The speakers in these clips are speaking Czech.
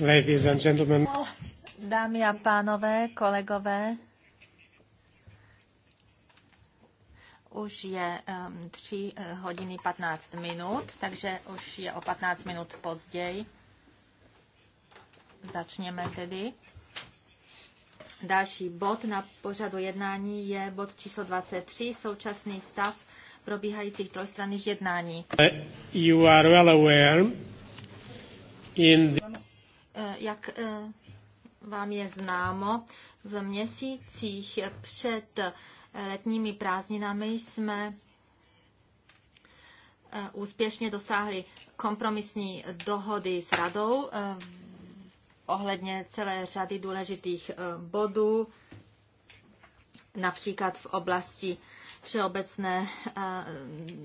ladies and gentlemen. Dámy a pánové, kolegové, už je um, 3 eh, hodiny 15 minut, takže už je o 15 minut později. Začněme tedy. Další bod na pořadu jednání je bod číslo 23, současný stav probíhajících trojstranných jednání. You are well aware In the... Eh, jak eh, vám je známo, v měsících před eh, letními prázdninami jsme úspěšně dosáhli kompromisní dohody s radou ohledně celé řady důležitých bodů, například v oblasti všeobecné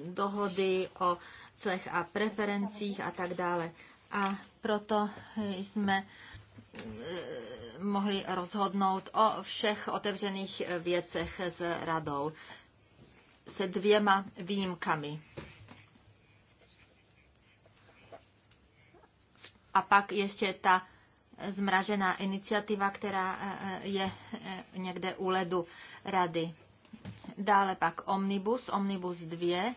dohody o clech a preferencích a tak dále a proto jsme e, mohli rozhodnout o všech otevřených věcech s radou se dvěma výjimkami. A pak ještě ta zmražená iniciativa, která e, e, je někde u ledu rady. Dále pak Omnibus, Omnibus 2,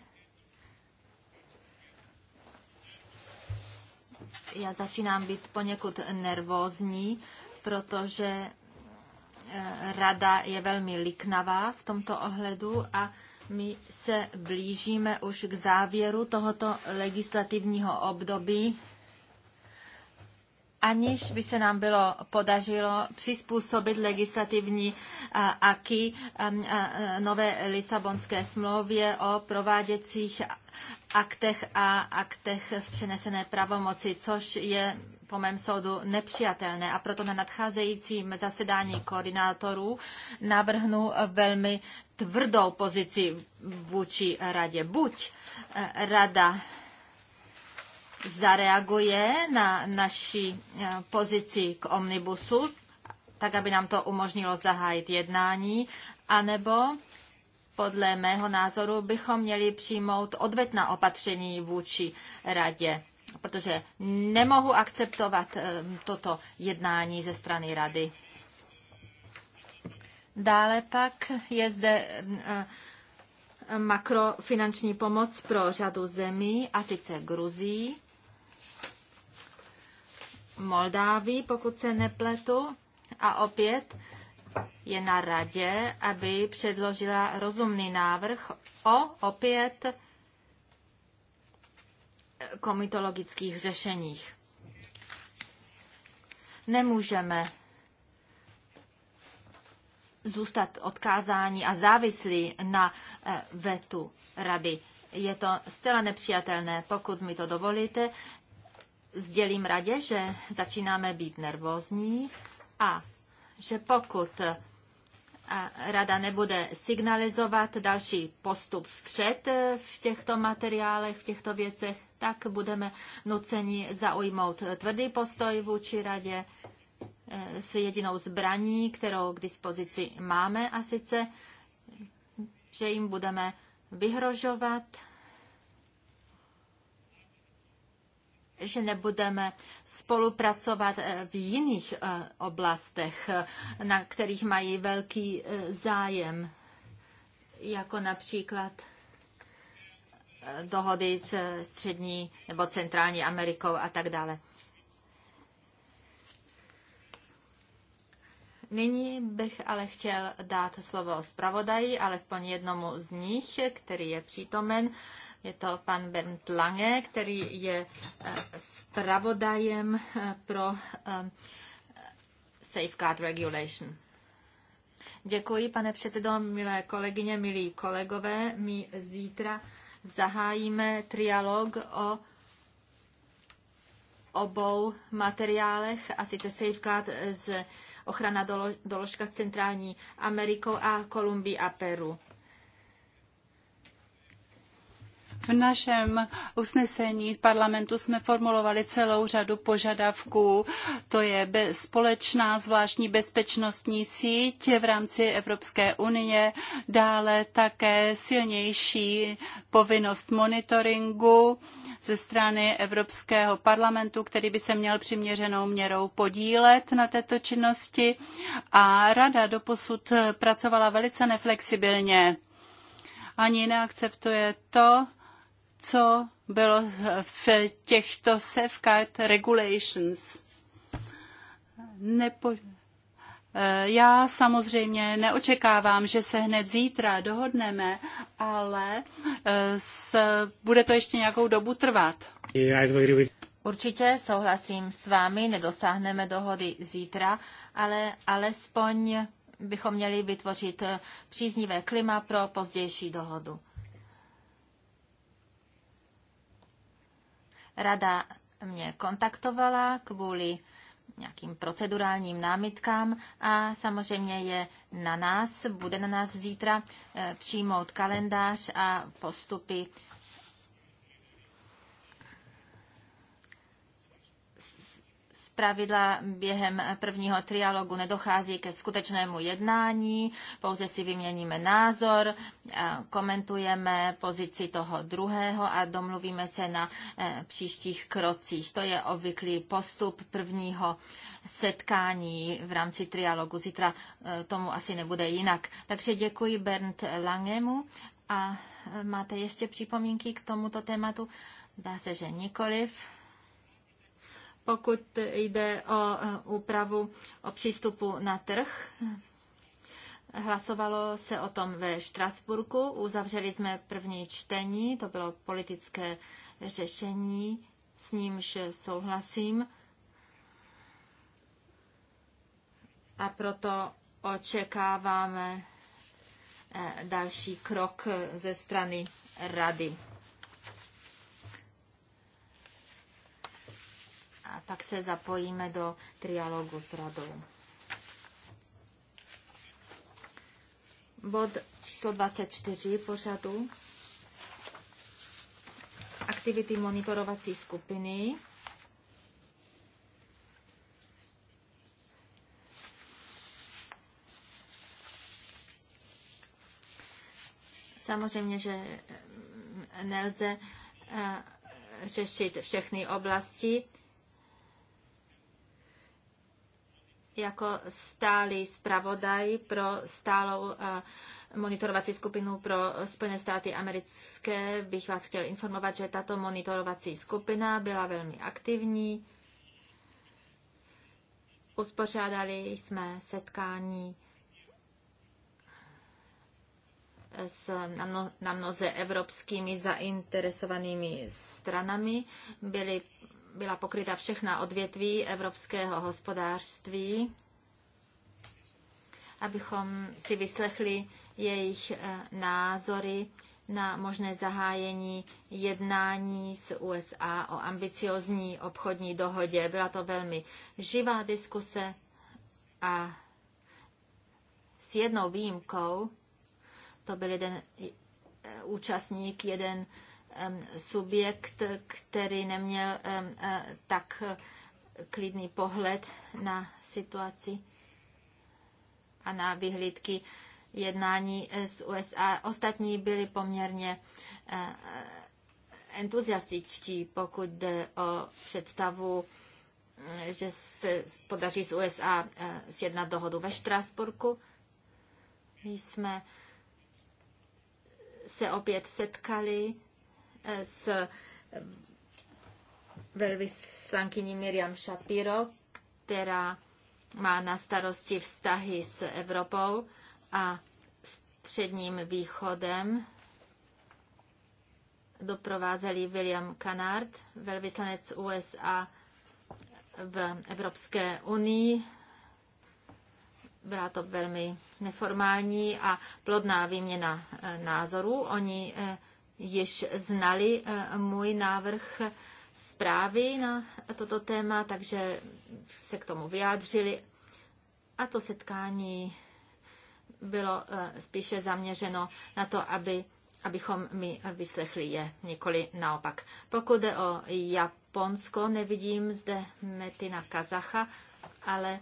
Já začínám být poněkud nervózní, protože eh, rada je velmi liknavá v tomto ohledu a my se blížíme už k závěru tohoto legislativního období aniž by se nám bylo podařilo přizpůsobit legislativní eh, aky eh, eh, nové Lisabonské smlouvě o prováděcích aktech a aktech v přenesené pravomoci, což je po mém soudu nepřijatelné a proto na nadcházejícím zasedání koordinátorů navrhnu velmi tvrdou pozici vůči radě. Buď rada zareaguje na naši eh, pozici k omnibusu, tak aby nám to umožnilo zahájit jednání, anebo podle mého názoru bychom měli přijmout odvetná opatření vůči radě, protože nemohu akceptovat eh, toto jednání ze strany rady. Dále pak je zde eh, makrofinanční pomoc pro řadu zemí, a sice Gruzii, Moldávii, pokud se nepletu. A opět je na radě, aby předložila rozumný návrh o opět komitologických řešeních. Nemůžeme zůstat odkázání a závislí na eh, vetu rady. Je to zcela nepřijatelné. Pokud mi to dovolíte, sdělím radě, že začínáme být nervózní a že pokud eh, rada nebude signalizovat další postup vpřed eh, v těchto materiálech, v těchto věcech, tak budeme nuceni zaujmout tvrdý postoj vůči radě eh, s jedinou zbraní, kterou k dispozici máme, a sice, že jim budeme vyhrožovat že nebudeme spolupracovat eh, v jiných eh, oblastech, eh, na kterých mají velký zájem, jako například dohody s střední nebo centrální Amerikou a tak dále. Nyní bych ale chtěl dát slovo zpravodaji, alespoň jednomu z nich, který je přítomen. Je to pan Bernd Lange, který je eh, zpravodajem eh, pro eh, Safeguard Regulation. Děkuji, pane předsedo, milé kolegyně, milí kolegové. My zítra zahájíme trialog o obou materiálech, a sice Safeguard z ochrana doložka s Centrální Amerikou a Kolumbií a Peru. V našem usnesení parlamentu jsme formulovali celou řadu požadavků. To je společná zvláštní bezpečnostní síť v rámci Evropské unie, dále také silnější povinnost monitoringu ze strany Evropského parlamentu, který by se měl přiměřenou měrou podílet na této činnosti a rada doposud pracovala velice neflexibilně. Ani neakceptuje to, co bylo v těchto safeguard regulations. Nepo... Eh, já samozřejmě neočekávám, že se hned zítra dohodneme, ale eh, s... bude to ještě nějakou dobu trvat. Určitě souhlasím s vámi, nedosáhneme dohody zítra, ale alespoň bychom měli vytvořit eh, příznivé klima pro pozdější dohodu. Rada mě kontaktovala kvůli nějakým procedurálním námitkám a samozřejmě je na nás, bude na nás zítra eh, přijmout kalendář a postupy Pravidla během prvního trialogu nedochází ke skutečnému jednání, pouze si vyměníme názor, komentujeme pozici toho druhého a domluvíme se na e, příštích krocích. To je obvyklý postup prvního setkání v rámci trialogu. Zítra e, tomu asi nebude jinak. Takže děkuji Bernd Langemu a e, máte ještě připomínky k tomuto tématu? Dá se, že nikoliv. Pokud jde o eh, úpravu o přístupu na trh, Hlasovalo se o tom ve Štrasburku, uzavřeli jsme první čtení, to bylo politické řešení, s nímž souhlasím. A proto očekáváme eh, další krok ze strany rady. a pak se zapojíme do trialogu s radou. Bod číslo 24 pořadu. Aktivity monitorovací skupiny. Samozřejmě, že eh, nelze eh, řešit všechny oblasti jako stálý zpravodaj pro stálou eh, monitorovací skupinu pro Spojené státy americké bych vás chtěl informovat, že tato monitorovací skupina byla velmi aktivní. Uspořádali jsme setkání s, na, mno, na mnoze evropskými zainteresovanými stranami. byly byla pokryta všechna odvětví evropského hospodářství, abychom si vyslechli jejich eh, názory na možné zahájení jednání s USA o ambiciozní obchodní dohodě. Byla to velmi živá diskuse a s jednou výjimkou, to byl jeden eh, účastník, jeden subjekt, který neměl e, tak klidný pohled na situaci a na vyhlídky jednání z USA. Ostatní byli poměrně e, entuziastičtí, pokud jde o představu, že se podaří z USA e, sjednat dohodu ve Štrásburku. My jsme se opět setkali s eh, velvyslankyní Miriam Shapiro, která má na starosti vztahy s Evropou a středním východem. Doprovázeli William Canard, velvyslanec USA v Evropské unii. Byla to velmi neformální a plodná výměna eh, názorů. Oni eh, již znali eh, můj návrh zprávy na toto téma, takže se k tomu vyjádřili. A to setkání bylo eh, spíše zaměřeno na to, aby, abychom my vyslechli je, nikoli naopak. Pokud jde o Japonsko, nevidím zde Metina Kazacha, ale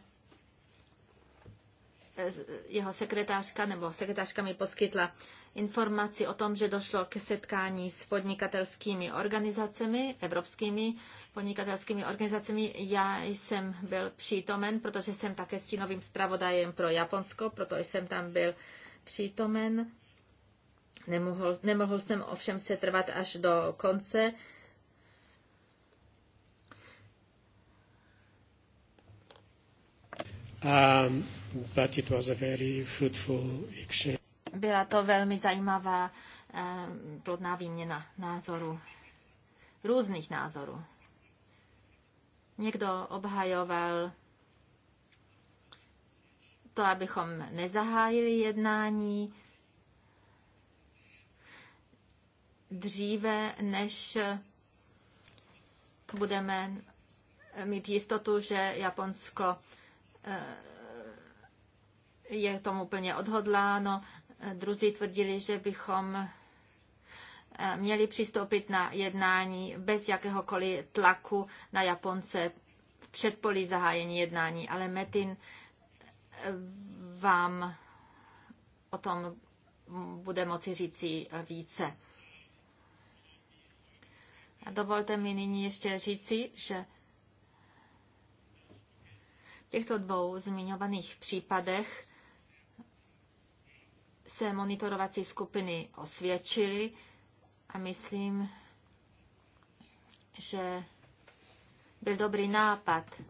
eh, jeho sekretářka nebo sekretářka mi poskytla informaci o tom, že došlo k setkání s podnikatelskými organizacemi, evropskými podnikatelskými organizacemi. Já jsem byl přítomen, protože jsem také stínovým zpravodajem pro Japonsko, proto jsem tam byl přítomen. Nemohl, nemohl jsem ovšem se trvat až do konce. Um, but it was a very fruitful exchange. Byla to velmi zajímavá eh, plodná výměna názorů, různých názorů. Někdo obhajoval to, abychom nezahájili jednání dříve, než budeme mít jistotu, že Japonsko eh, je tomu plně odhodláno Druzí tvrdili, že bychom eh, měli přistoupit na jednání bez jakéhokoliv tlaku na Japonce v předpolí zahájení jednání, ale Metin eh, vám o tom bude moci říci eh, více. A dovolte mi nyní ještě říci, že v těchto dvou zmiňovaných případech se monitorovací skupiny osvědčily a myslím, že byl dobrý nápad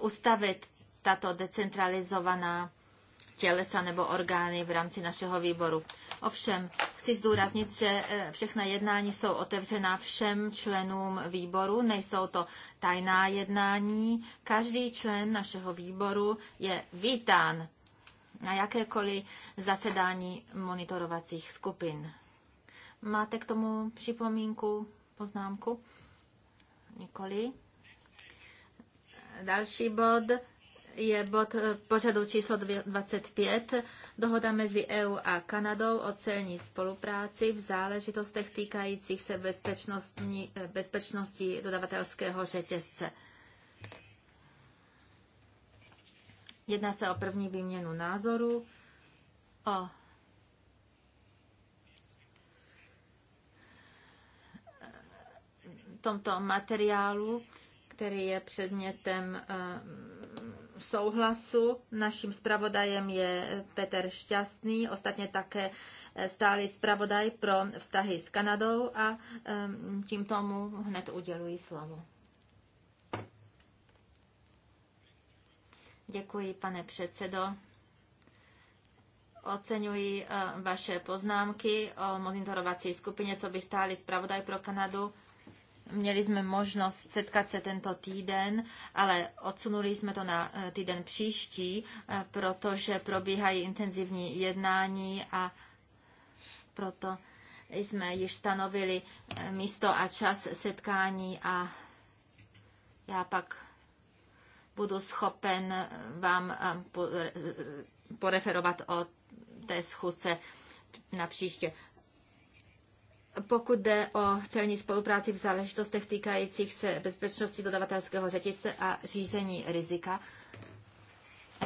ustavit tato decentralizovaná tělesa nebo orgány v rámci našeho výboru. Ovšem, chci zdůraznit, že eh, všechna jednání jsou otevřená všem členům výboru, nejsou to tajná jednání. Každý člen našeho výboru je vítán na jakékoliv zasedání monitorovacích skupin. Máte k tomu připomínku, poznámku? Nikoli. Další bod je bod pořadu číslo 25, dohoda mezi EU a Kanadou o celní spolupráci v záležitostech týkajících se bezpečnosti, bezpečnosti dodavatelského řetězce. Jedná se o první výměnu názoru, o tomto materiálu, který je předmětem eh, souhlasu. Naším zpravodajem je Petr Šťastný, ostatně také eh, stálý zpravodaj pro vztahy s Kanadou a eh, tím tomu hned uděluji slovo. Děkuji, pane předsedo. Oceňuji eh, vaše poznámky o monitorovací skupině, co by stáli zpravodaj pro Kanadu. Měli jsme možnost setkat se tento týden, ale odsunuli jsme to na eh, týden příští, eh, protože probíhají intenzivní jednání a proto jsme již stanovili místo a čas setkání a já pak budu schopen vám eh, eh, poreferovat o té schůzce na příště. Pokud jde o celní spolupráci v záležitostech týkajících se bezpečnosti dodavatelského řetězce a řízení rizika,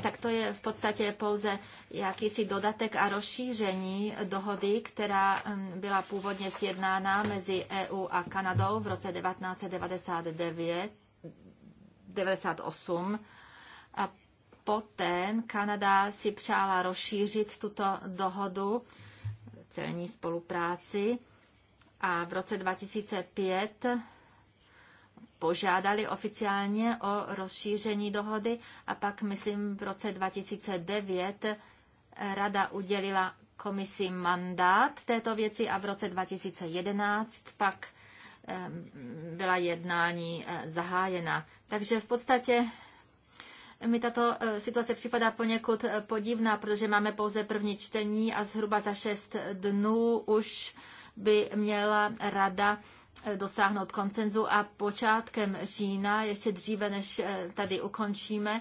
tak to je v podstatě pouze jakýsi dodatek a rozšíření dohody, která byla původně sjednána mezi EU a Kanadou v roce 1999 1998. A poté Kanada si přála rozšířit tuto dohodu celní spolupráci a v roce 2005 požádali oficiálně o rozšíření dohody a pak, myslím, v roce 2009 rada udělila komisi mandát této věci a v roce 2011 pak Eh, byla jednání eh, zahájena. Takže v podstatě mi tato eh, situace připadá poněkud podivná, protože máme pouze první čtení a zhruba za šest dnů už by měla rada dosáhnout koncenzu a počátkem října, ještě dříve než tady ukončíme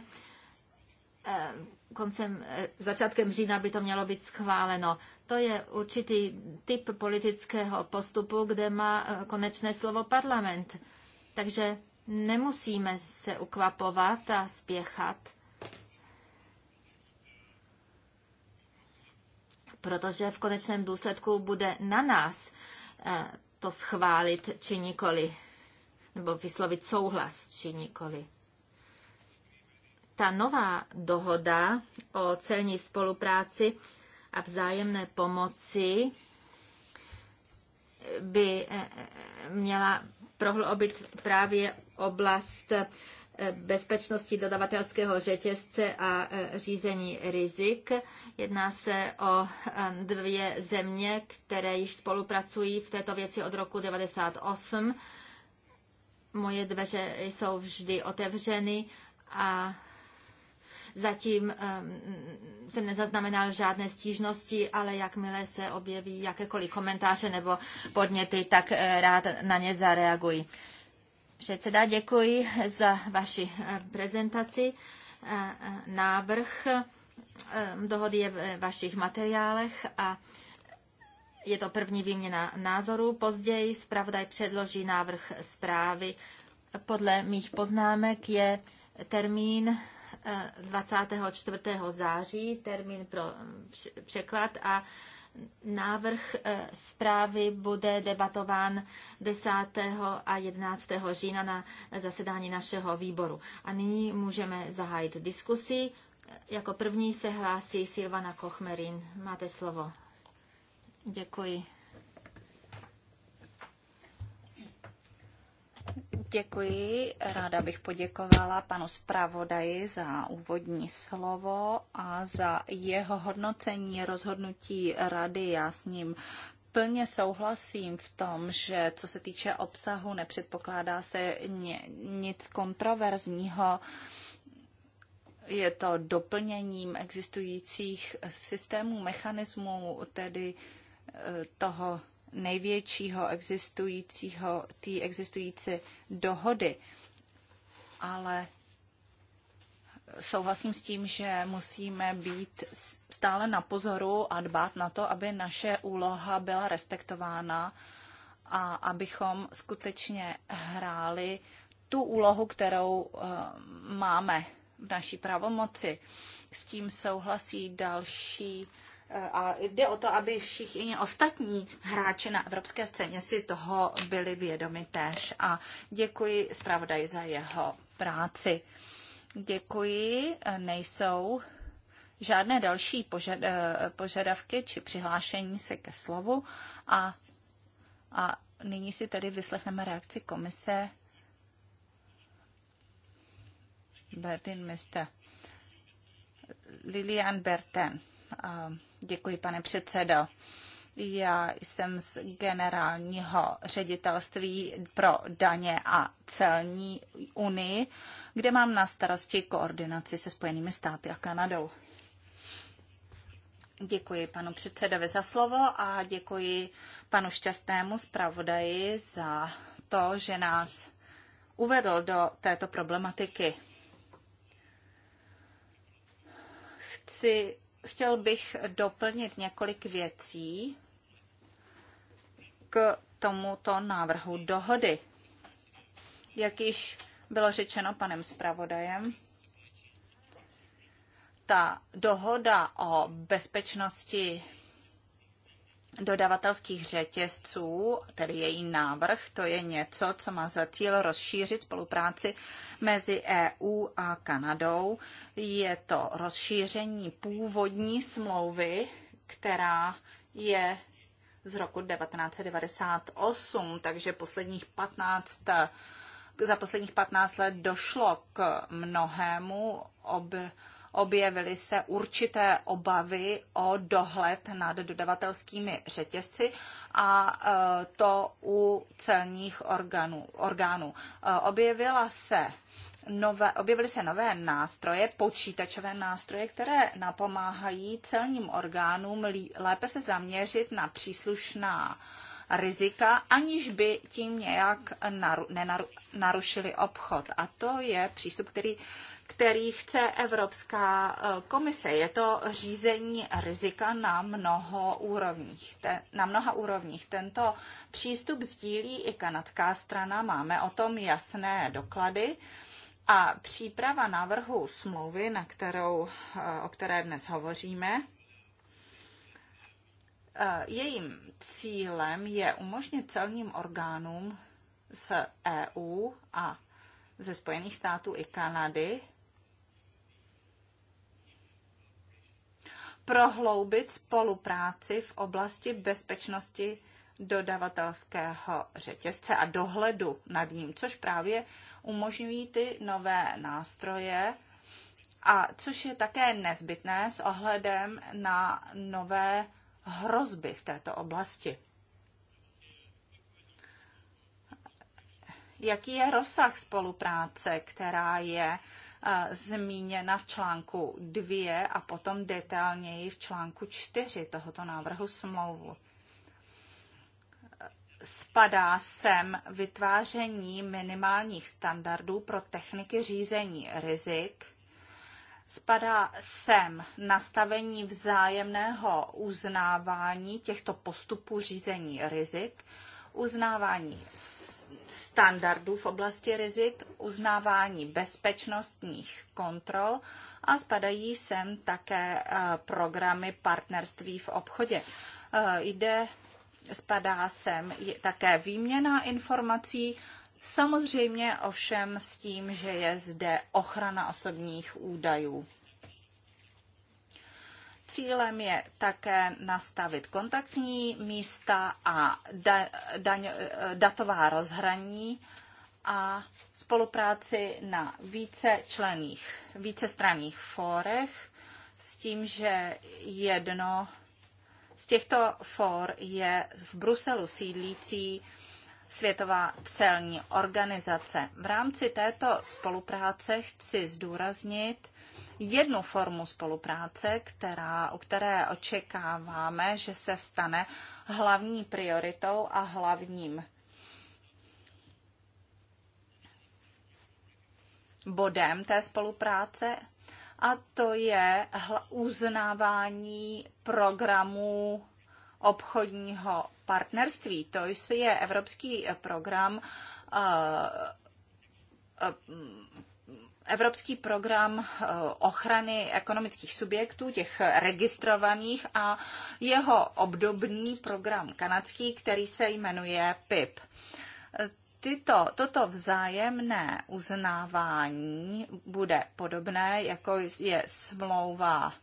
Eh, koncem, eh, začátkem října by to mělo být schváleno. To je určitý typ politického postupu, kde má eh, konečné slovo parlament. Takže nemusíme se ukvapovat a spěchat, protože v konečném důsledku bude na nás to schválit či nikoli, nebo vyslovit souhlas či nikoli. Ta nová dohoda o celní spolupráci a vzájemné pomoci by eh, eh, měla prohloubit právě oblast eh, bezpečnosti dodavatelského řetězce a řízení rizik. Jedná se o dvě země, které již spolupracují v této věci od roku 1998. Moje dveře jsou vždy otevřeny a Zatím jsem nezaznamenal žádné stížnosti, ale jakmile se objeví jakékoliv komentáře nebo podněty, tak eh, rád na ně zareaguji. Předseda, děkuji za vaši eh, prezentaci. Eh, návrh dohody je v vašich materiálech a je to první výměna názorů. Později zpravodaj předloží návrh zprávy. Podle mých poznámek je termín 24. září, termín pro mm, překlad a návrh e, zprávy bude debatován 10. a 11. října na zasedání našeho výboru. A nyní můžeme zahájit diskusi. Jako první se hlásí Silvana Kochmerin. Máte slovo. Děkuji. Děkuji. Ráda bych poděkovala panu zpravodaji za úvodní slovo a za jeho hodnocení rozhodnutí rady. Já s ním plně souhlasím v tom, že co se týče obsahu, nepředpokládá se nic kontroverzního je to doplněním existujících systémů, mechanismů, tedy eh, toho největšího existujícího, té existující dohody. Ale souhlasím s tím, že musíme být stále na pozoru a dbát na to, aby naše úloha byla respektována a abychom skutečně hráli tu úlohu, kterou eh, máme v naší pravomoci. S tím souhlasí další a jde o to, aby všichni ostatní hráči na evropské scéně si toho byli vědomi též. A děkuji zpravodaj za jeho práci. Děkuji. Nejsou žádné další požad, eh, požadavky či přihlášení se ke slovu. A, a nyní si tedy vyslechneme reakci komise. Bertin Mr. Lilian Berten. Um, eh, Děkuji, pane předsedo. Já jsem z generálního ředitelství pro daně a celní unii, kde mám na starosti koordinaci se Spojenými státy a Kanadou. Děkuji panu předsedovi za slovo a děkuji panu šťastnému zpravodaji za to, že nás uvedl do této problematiky. Chci chtěl bych doplnit několik věcí k tomuto návrhu dohody. Jak již bylo řečeno panem zpravodajem, ta dohoda o bezpečnosti dodavatelských řetězců, tedy její návrh, to je něco, co má za cíl rozšířit spolupráci mezi EU a Kanadou. Je to rozšíření původní smlouvy, která je z roku 1998, takže posledních 15 za posledních 15 let došlo k mnohému ob, objevily se určité obavy o dohled nad dodavatelskými řetězci a e, to u celních orgánů. orgánů. E, objevila se nové, objevily se nové nástroje, počítačové nástroje, které napomáhají celním orgánům lépe se zaměřit na příslušná rizika, aniž by tím nějak naru, nenaru, narušili obchod. A to je přístup, který který chce Evropská eh, komise. Je to řízení rizika na, mnoho úrovních, te, na mnoha úrovních. Tento přístup sdílí i kanadská strana, máme o tom jasné doklady. A příprava návrhu smlouvy, na kterou, eh, o které dnes hovoříme, eh, jejím cílem je umožnit celním orgánům z EU a ze Spojených států i Kanady prohloubit spolupráci v oblasti bezpečnosti dodavatelského řetězce a dohledu nad ním, což právě umožňují ty nové nástroje, a což je také nezbytné s ohledem na nové hrozby v této oblasti. Jaký je rozsah spolupráce, která je zmíněna v článku 2 a potom detailněji v článku 4 tohoto návrhu smlouvu spadá sem vytváření minimálních standardů pro techniky řízení rizik, spadá sem nastavení vzájemného uznávání těchto postupů řízení rizik, uznávání standardů v oblasti rizik, uznávání bezpečnostních kontrol a spadají sem také eh, programy partnerství v obchodě. Eh, jde, spadá sem také výměna informací, samozřejmě ovšem s tím, že je zde ochrana osobních údajů. Cílem je také nastavit kontaktní místa a da, daň, eh, datová rozhraní a spolupráci na více člených, více straných fórech s tím, že jedno z těchto fór je v Bruselu sídlící Světová celní organizace. V rámci této spolupráce chci zdůraznit, jednu formu spolupráce, která, o které očekáváme, že se stane hlavní prioritou a hlavním bodem té spolupráce, a to je uznávání programů obchodního partnerství. To je evropský program eh, eh, evropský program eh, ochrany ekonomických subjektů, těch registrovaných a jeho obdobný program kanadský, který se jmenuje PIP eh, tyto, toto vzájemné uznávání bude podobné, jako je smlouva,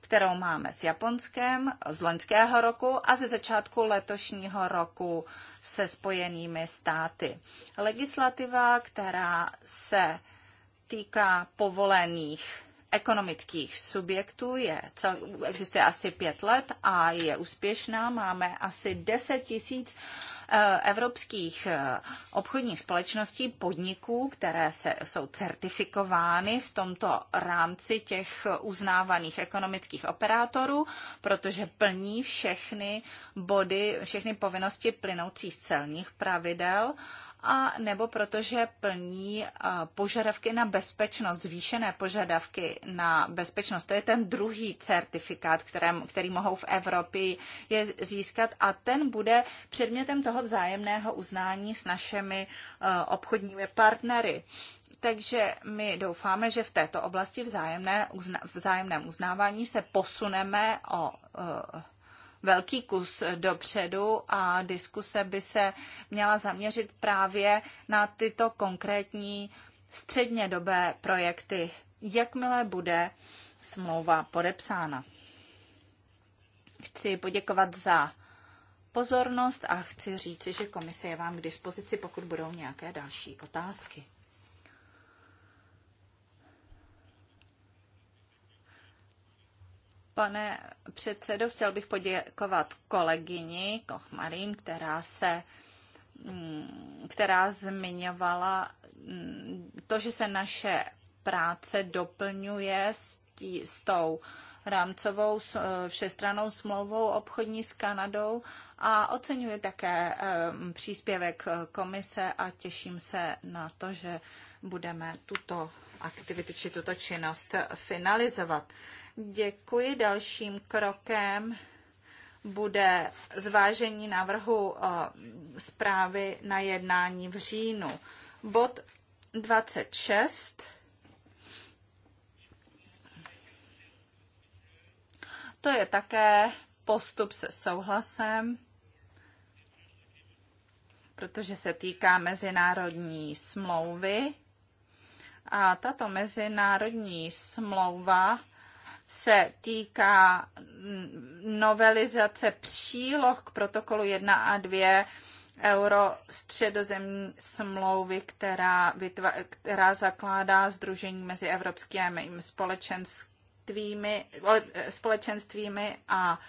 kterou máme s Japonskem z loňského roku a ze začátku letošního roku se spojenými státy. Legislativa, která se týká povolených ekonomických subjektů je, cel, existuje asi pět let a je úspěšná. Máme asi 10 tisíc eh, evropských eh, obchodních společností, podniků, které se, jsou certifikovány v tomto rámci těch uznávaných ekonomických operátorů, protože plní všechny body, všechny povinnosti plynoucí z celních pravidel a nebo protože plní požadavky na bezpečnost, zvýšené požadavky na bezpečnost. To je ten druhý certifikát, kterém, který mohou v Evropě je získat a ten bude předmětem toho vzájemného uznání s našimi obchodními partnery takže my doufáme, že v této oblasti vzájemné, uzna, vzájemném uznávání se posuneme o velký kus dopředu a diskuse by se měla zaměřit právě na tyto konkrétní střednědobé projekty, jakmile bude smlouva podepsána. Chci poděkovat za pozornost a chci říci, že komise je vám k dispozici, pokud budou nějaké další otázky. Pane předsedo, chtěl bych poděkovat kolegyni Kochmarin, která se mm, která zmiňovala mm, to, že se naše práce doplňuje s, tí, s tou rámcovou eh, všestranou smlouvou obchodní s Kanadou a oceňuje také eh, příspěvek komise a těším se na to, že budeme tuto aktivitu či tuto činnost finalizovat. Děkuji. Dalším krokem bude zvážení návrhu eh, zprávy na jednání v říjnu. Bod 26. To je také postup se souhlasem, protože se týká mezinárodní smlouvy. A tato mezinárodní smlouva se týká novelizace příloh k protokolu 1 a 2 euro středozemní smlouvy, která, vytva, která zakládá združení mezi evropskými společenstvími, společenstvími a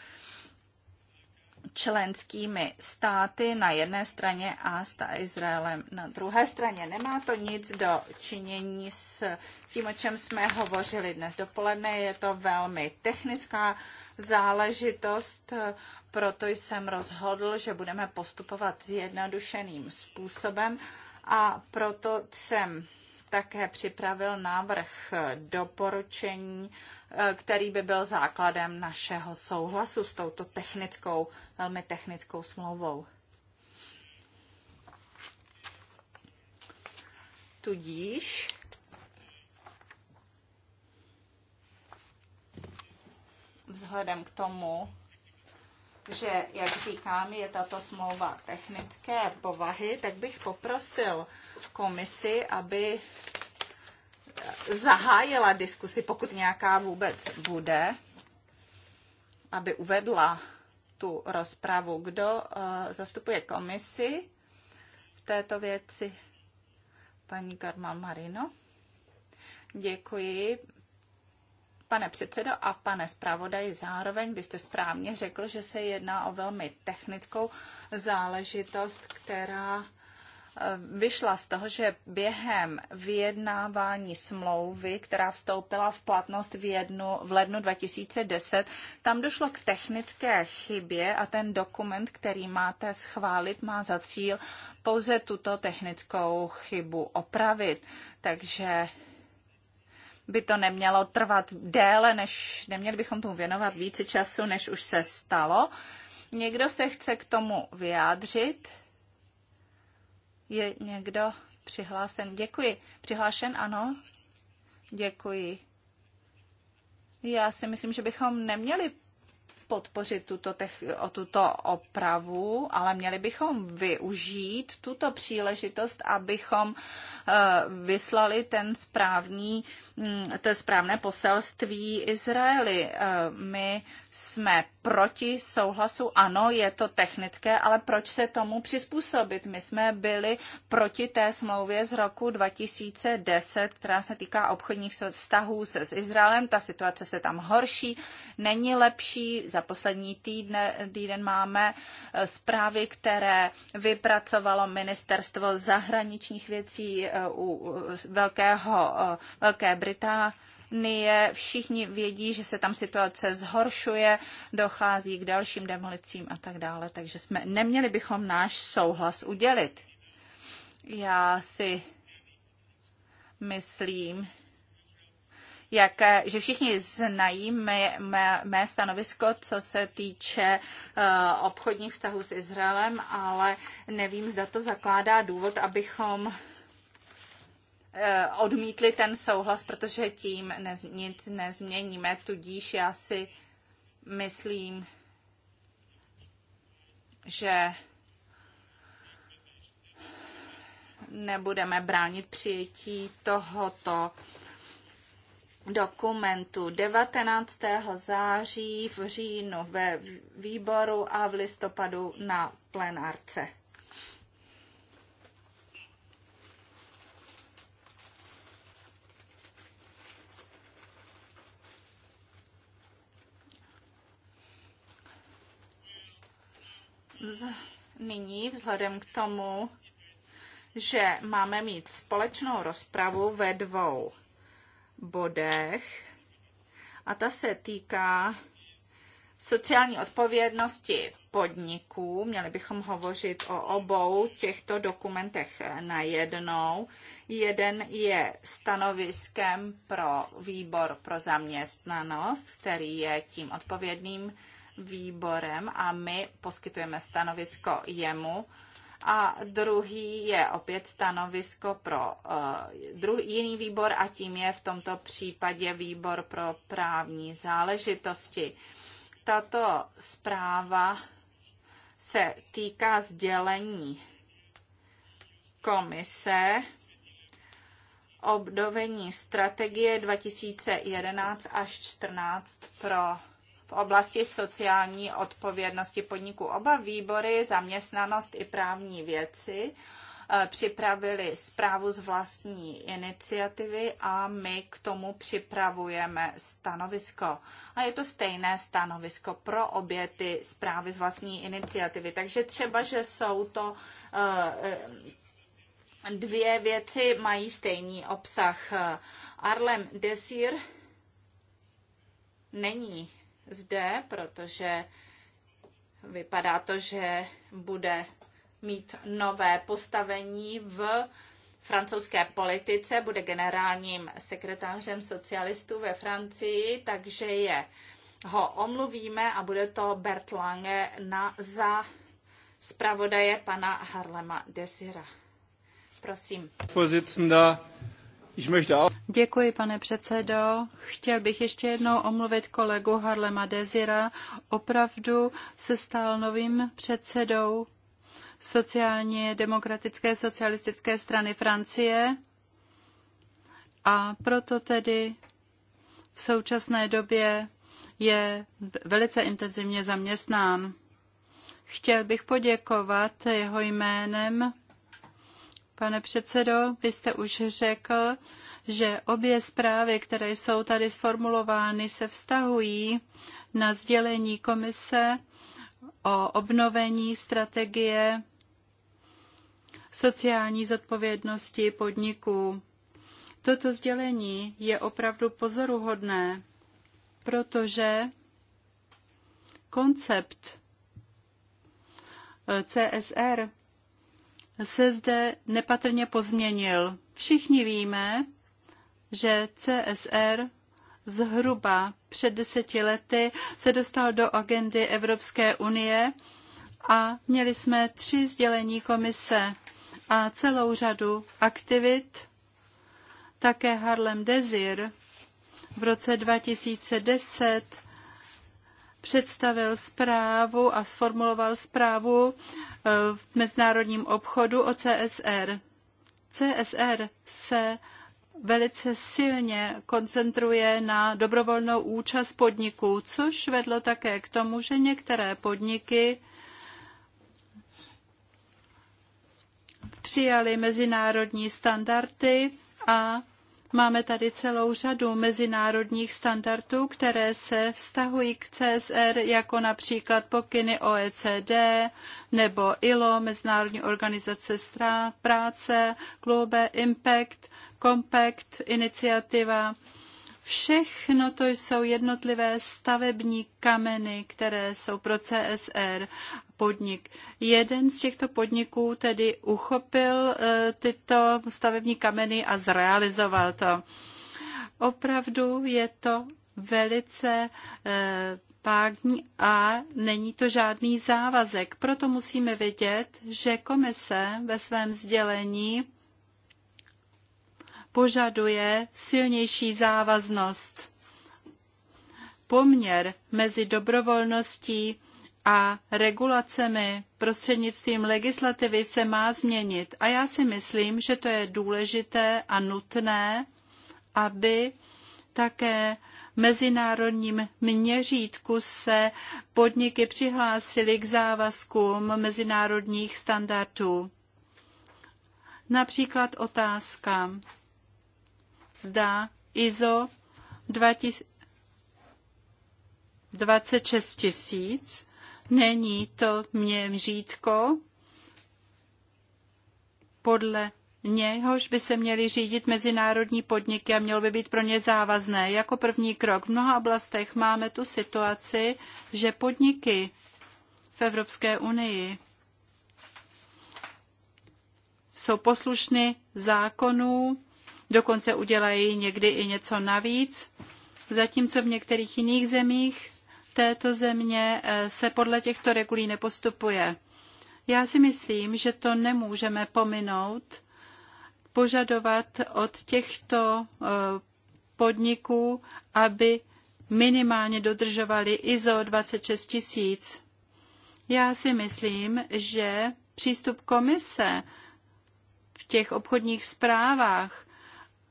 členskými státy na jedné straně a s Izraelem na druhé straně. Nemá to nic do činění s tím, o čem jsme hovořili dnes dopoledne. Je to velmi technická záležitost, proto jsem rozhodl, že budeme postupovat zjednodušeným způsobem a proto jsem také připravil návrh doporučení, eh, který by byl základem našeho souhlasu s touto technickou, velmi technickou smlouvou. Tudíž vzhledem k tomu, že, jak říkám, je tato smlouva technické povahy, tak bych poprosil komisi, aby zahájila diskusi, pokud nějaká vůbec bude, aby uvedla tu rozpravu, kdo eh, zastupuje komisi v této věci. Paní Karma Marino. Děkuji, pane předsedo a pane zpravodaj, zároveň byste správně řekl, že se jedná o velmi technickou záležitost, která vyšla z toho, že během vyjednávání smlouvy, která vstoupila v platnost v, jednu, v lednu 2010, tam došlo k technické chybě a ten dokument, který máte schválit, má za cíl pouze tuto technickou chybu opravit. Takže by to nemělo trvat déle, než neměli bychom tomu věnovat více času, než už se stalo. Někdo se chce k tomu vyjádřit? Je někdo přihlášen? Děkuji. Přihlášen, ano? Děkuji. Já si myslím, že bychom neměli podpořit tuto, tech, o tuto opravu, ale měli bychom využít tuto příležitost, abychom eh, vyslali ten správný Mm, to je správné poselství Izraeli. Eh, my jsme proti souhlasu, ano, je to technické, ale proč se tomu přizpůsobit? My jsme byli proti té smlouvě z roku 2010, která se týká obchodních vztahů se s Izraelem. Ta situace se tam horší, není lepší. Za poslední týdne, týden máme eh, zprávy, které vypracovalo ministerstvo zahraničních věcí eh, u velkého, velké Británie. Všichni vědí, že se tam situace zhoršuje, dochází k dalším demolicím a tak dále, takže jsme, neměli bychom náš souhlas udělit. Já si myslím, jak, že všichni znají mé, mé, mé stanovisko, co se týče uh, obchodních vztahů s Izraelem, ale nevím, zda to zakládá důvod, abychom Eh, odmítli ten souhlas, protože tím nez, nic nezměníme. Tudíž já si myslím, že nebudeme bránit přijetí tohoto dokumentu 19. září v říjnu ve výboru a v listopadu na plenárce. vz, nyní vzhledem k tomu, že máme mít společnou rozpravu ve dvou bodech a ta se týká sociální odpovědnosti podniků. Měli bychom hovořit o obou těchto dokumentech najednou. Jeden je stanoviskem pro výbor pro zaměstnanost, který je tím odpovědným výborem a my poskytujeme stanovisko jemu a druhý je opět stanovisko pro uh, eh, dru- jiný výbor a tím je v tomto případě výbor pro právní záležitosti. Tato zpráva se týká sdělení komise obdovení strategie 2011 až 14 pro oblasti sociální odpovědnosti podniku. Oba výbory, zaměstnanost i právní věci, eh, připravili zprávu z vlastní iniciativy a my k tomu připravujeme stanovisko. A je to stejné stanovisko pro obě ty zprávy z vlastní iniciativy. Takže třeba, že jsou to eh, dvě věci, mají stejný obsah. Eh, Arlem Desir není zde, protože vypadá to, že bude mít nové postavení v francouzské politice, bude generálním sekretářem socialistů ve Francii, takže je ho omluvíme a bude to Bert Lange na, za zpravodaje pana Harlema Desira. Prosím. Vorsitzender, Děkuji, pane předsedo. Chtěl bych ještě jednou omluvit kolegu Harlema Dezira. Opravdu se stal novým předsedou sociálně demokratické socialistické strany Francie a proto tedy v současné době je velice intenzivně zaměstnán. Chtěl bych poděkovat jeho jménem Pane předsedo, vy jste už řekl, že obě zprávy, které jsou tady sformulovány, se vztahují na sdělení komise o obnovení strategie sociální zodpovědnosti podniků. Toto sdělení je opravdu pozoruhodné, protože koncept CSR se zde nepatrně pozměnil. Všichni víme, že CSR zhruba před deseti lety se dostal do agendy Evropské unie a měli jsme tři sdělení komise a celou řadu aktivit, také Harlem Desir v roce 2010 představil zprávu a sformuloval zprávu v mezinárodním obchodu o CSR. CSR se velice silně koncentruje na dobrovolnou účast podniků, což vedlo také k tomu, že některé podniky přijali mezinárodní standardy a Máme tady celou řadu mezinárodních standardů, které se vztahují k CSR, jako například pokyny OECD nebo ILO, Mezinárodní organizace práce, Globe Impact, Compact, iniciativa Všechno to jsou jednotlivé stavební kameny, které jsou pro CSR podnik. Jeden z těchto podniků tedy uchopil e, tyto stavební kameny a zrealizoval to. Opravdu je to velice pádní e, a není to žádný závazek. Proto musíme vědět, že komise ve svém sdělení požaduje silnější závaznost. Poměr mezi dobrovolností a regulacemi prostřednictvím legislativy se má změnit. A já si myslím, že to je důležité a nutné, aby také mezinárodním měřítku se podniky přihlásily k závazkům mezinárodních standardů. Například otázka zdá ISO 26 tisíc není to řídko. podle něhož by se měly řídit mezinárodní podniky a mělo by být pro ně závazné. Jako první krok v mnoha oblastech máme tu situaci, že podniky v Evropské unii jsou poslušny zákonů dokonce udělají někdy i něco navíc, zatímco v některých jiných zemích této země eh, se podle těchto regulí nepostupuje. Já si myslím, že to nemůžeme pominout, požadovat od těchto eh, podniků, aby minimálně dodržovali ISO 26 tisíc. Já si myslím, že přístup komise v těch obchodních zprávách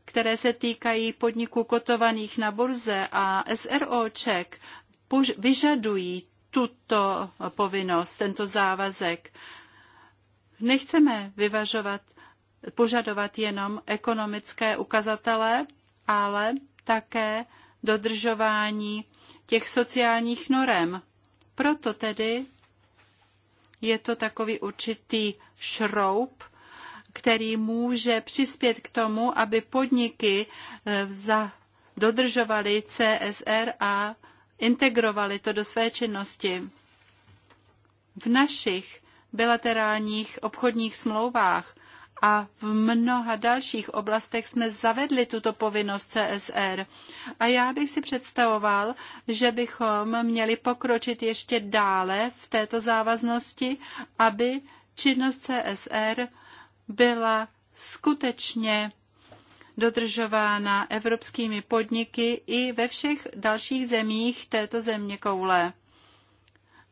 které se týkají podniků kotovaných na burze a SROček vyžadují tuto povinnost, tento závazek. Nechceme vyvažovat, požadovat jenom ekonomické ukazatele, ale také dodržování těch sociálních norem. Proto tedy je to takový určitý šroub, který může přispět k tomu, aby podniky eh, dodržovaly CSR a integrovaly to do své činnosti. V našich bilaterálních obchodních smlouvách a v mnoha dalších oblastech jsme zavedli tuto povinnost CSR. A já bych si představoval, že bychom měli pokročit ještě dále v této závaznosti, aby činnost CSR byla skutečně dodržována evropskými podniky i ve všech dalších zemích této země koule.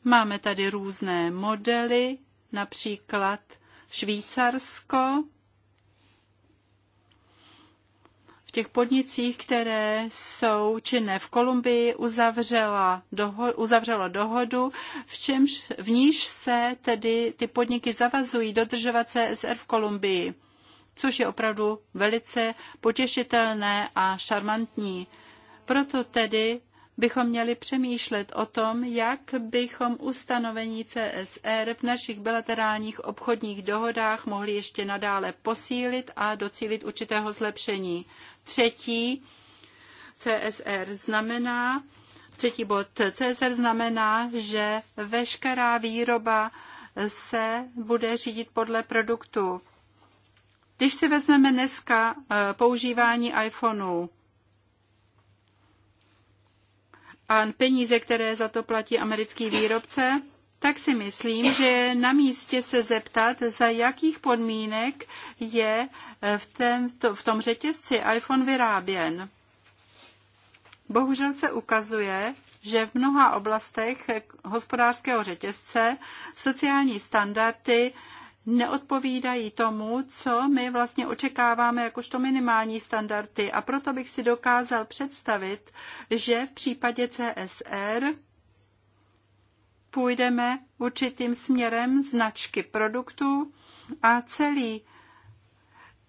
Máme tady různé modely, například Švýcarsko v těch podnicích, které jsou činné v Kolumbii, uzavřela doho- uzavřelo dohodu, v, čemž, v níž se tedy ty podniky zavazují dodržovat CSR v Kolumbii, což je opravdu velice potěšitelné a šarmantní. Proto tedy bychom měli přemýšlet o tom, jak bychom ustanovení CSR v našich bilaterálních obchodních dohodách mohli ještě nadále posílit a docílit určitého zlepšení. Třetí CSR znamená, třetí bod CSR znamená, že veškerá výroba se bude řídit podle produktu. Když si vezmeme dneska eh, používání iPhoneu, a peníze, které za to platí americký výrobce, tak si myslím, že je na místě se zeptat, za jakých podmínek je eh, v, tém, to, v tom řetězci iPhone vyráběn. Bohužel se ukazuje, že v mnoha oblastech hospodářského řetězce sociální standardy neodpovídají tomu, co my vlastně očekáváme jakožto minimální standardy. A proto bych si dokázal představit, že v případě CSR půjdeme určitým směrem značky produktů a celý,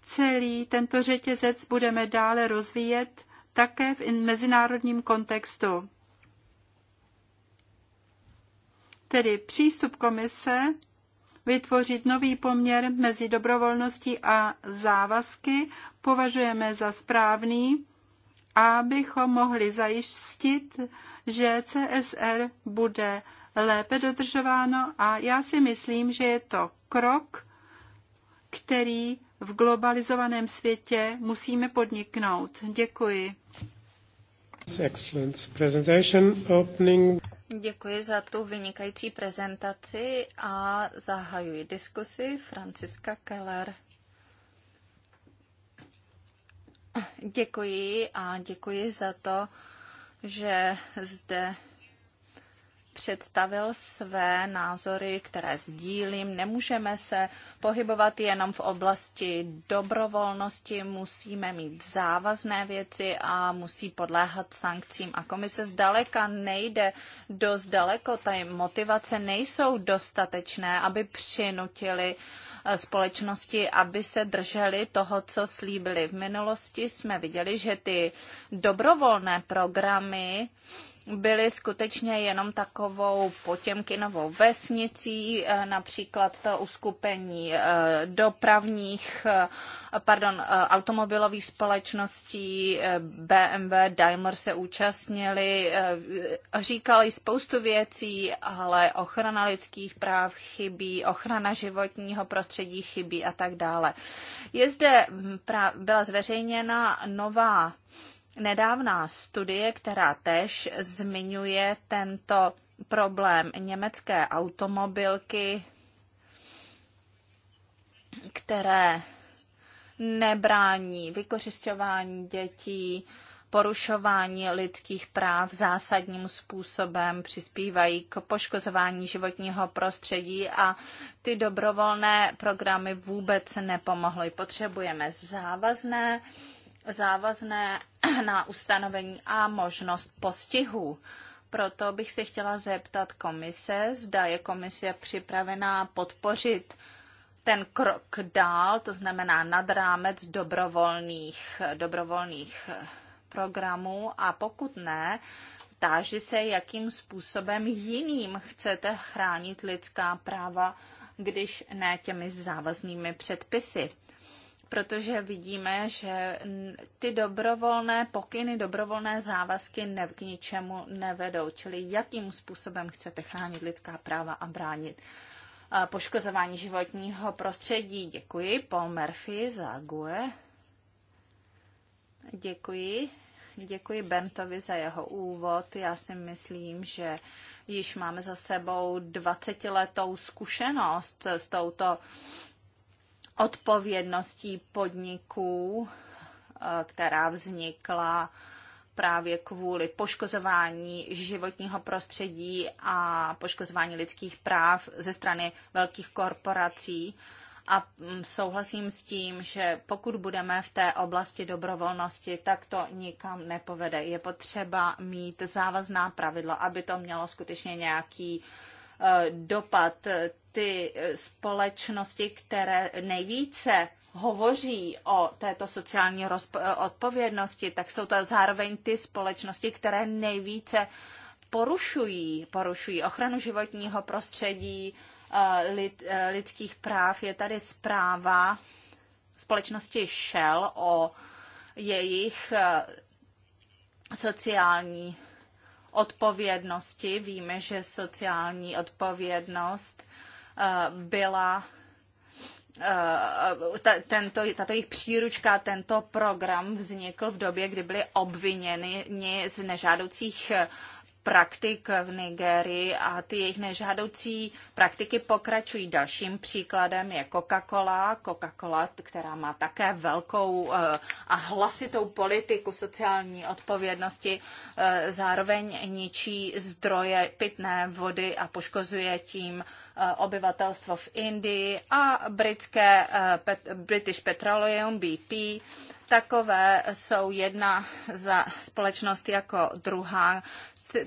celý tento řetězec budeme dále rozvíjet také v mezinárodním kontextu. Tedy přístup komise vytvořit nový poměr mezi dobrovolností a závazky považujeme za správný, abychom mohli zajistit, že CSR bude lépe dodržováno a já si myslím, že je to krok, který v globalizovaném světě musíme podniknout. Děkuji. Děkuji za tu vynikající prezentaci a zahajuji diskusi. Franciska Keller. Děkuji a děkuji za to, že zde představil své názory, které sdílím. Nemůžeme se pohybovat jenom v oblasti dobrovolnosti, musíme mít závazné věci a musí podléhat sankcím. A komise zdaleka nejde dost daleko, Ta motivace nejsou dostatečné, aby přinutili eh, společnosti, aby se drželi toho, co slíbili. V minulosti jsme viděli, že ty dobrovolné programy, byly skutečně jenom takovou potěmkinovou vesnicí, eh, například to uskupení eh, dopravních, eh, pardon, automobilových společností, BMW, Daimler se účastnili, říkali spoustu věcí, ale ochrana lidských práv chybí, ochrana životního prostředí chybí a tak dále. Je zde hm, byla zveřejněna nová nedávná studie, která tež zmiňuje tento problém německé automobilky, které nebrání vykořišťování dětí, porušování lidských práv zásadním způsobem, přispívají k poškozování životního prostředí a ty dobrovolné programy vůbec nepomohly. Potřebujeme závazné závazné na ustanovení a možnost postihu. Proto bych se chtěla zeptat komise, zda je komise připravená podpořit ten krok dál, to znamená nad rámec dobrovolných, dobrovolných eh, programů a pokud ne, táži se, jakým způsobem jiným chcete chránit lidská práva, když ne těmi závaznými předpisy protože vidíme, že ty dobrovolné pokyny, dobrovolné závazky ne, k ničemu nevedou. Čili jakým způsobem chcete chránit lidská práva a bránit poškozování životního prostředí. Děkuji Paul Murphy za GUE. Děkuji. Děkuji Bentovi za jeho úvod. Já si myslím, že již máme za sebou 20 letou zkušenost s touto odpovědností podniků, eh, která vznikla právě kvůli poškozování životního prostředí a poškozování lidských práv ze strany velkých korporací. A mm, souhlasím s tím, že pokud budeme v té oblasti dobrovolnosti, tak to nikam nepovede. Je potřeba mít závazná pravidla, aby to mělo skutečně nějaký eh, dopad ty eh, společnosti, které nejvíce hovoří o této sociální eh, odpovědnosti, tak jsou to zároveň ty společnosti, které nejvíce porušují, porušují ochranu životního prostředí, eh, lid, lidských práv. Je tady zpráva společnosti Shell o jejich sociální odpovědnosti. Víme, že sociální odpovědnost byla eh, tento, tato jejich příručka, tento program vznikl v době, kdy byli obviněni z nežádoucích praktik v Nigerii a ty jejich nežádoucí praktiky pokračují. Dalším příkladem je Coca-Cola, Coca-Cola, která má také velkou eh, a hlasitou politiku sociální odpovědnosti, eh, zároveň ničí zdroje pitné vody a poškozuje tím Eh, obyvatelstvo v Indii a britské eh, British Petroleum BP takové jsou jedna za společnost jako druhá.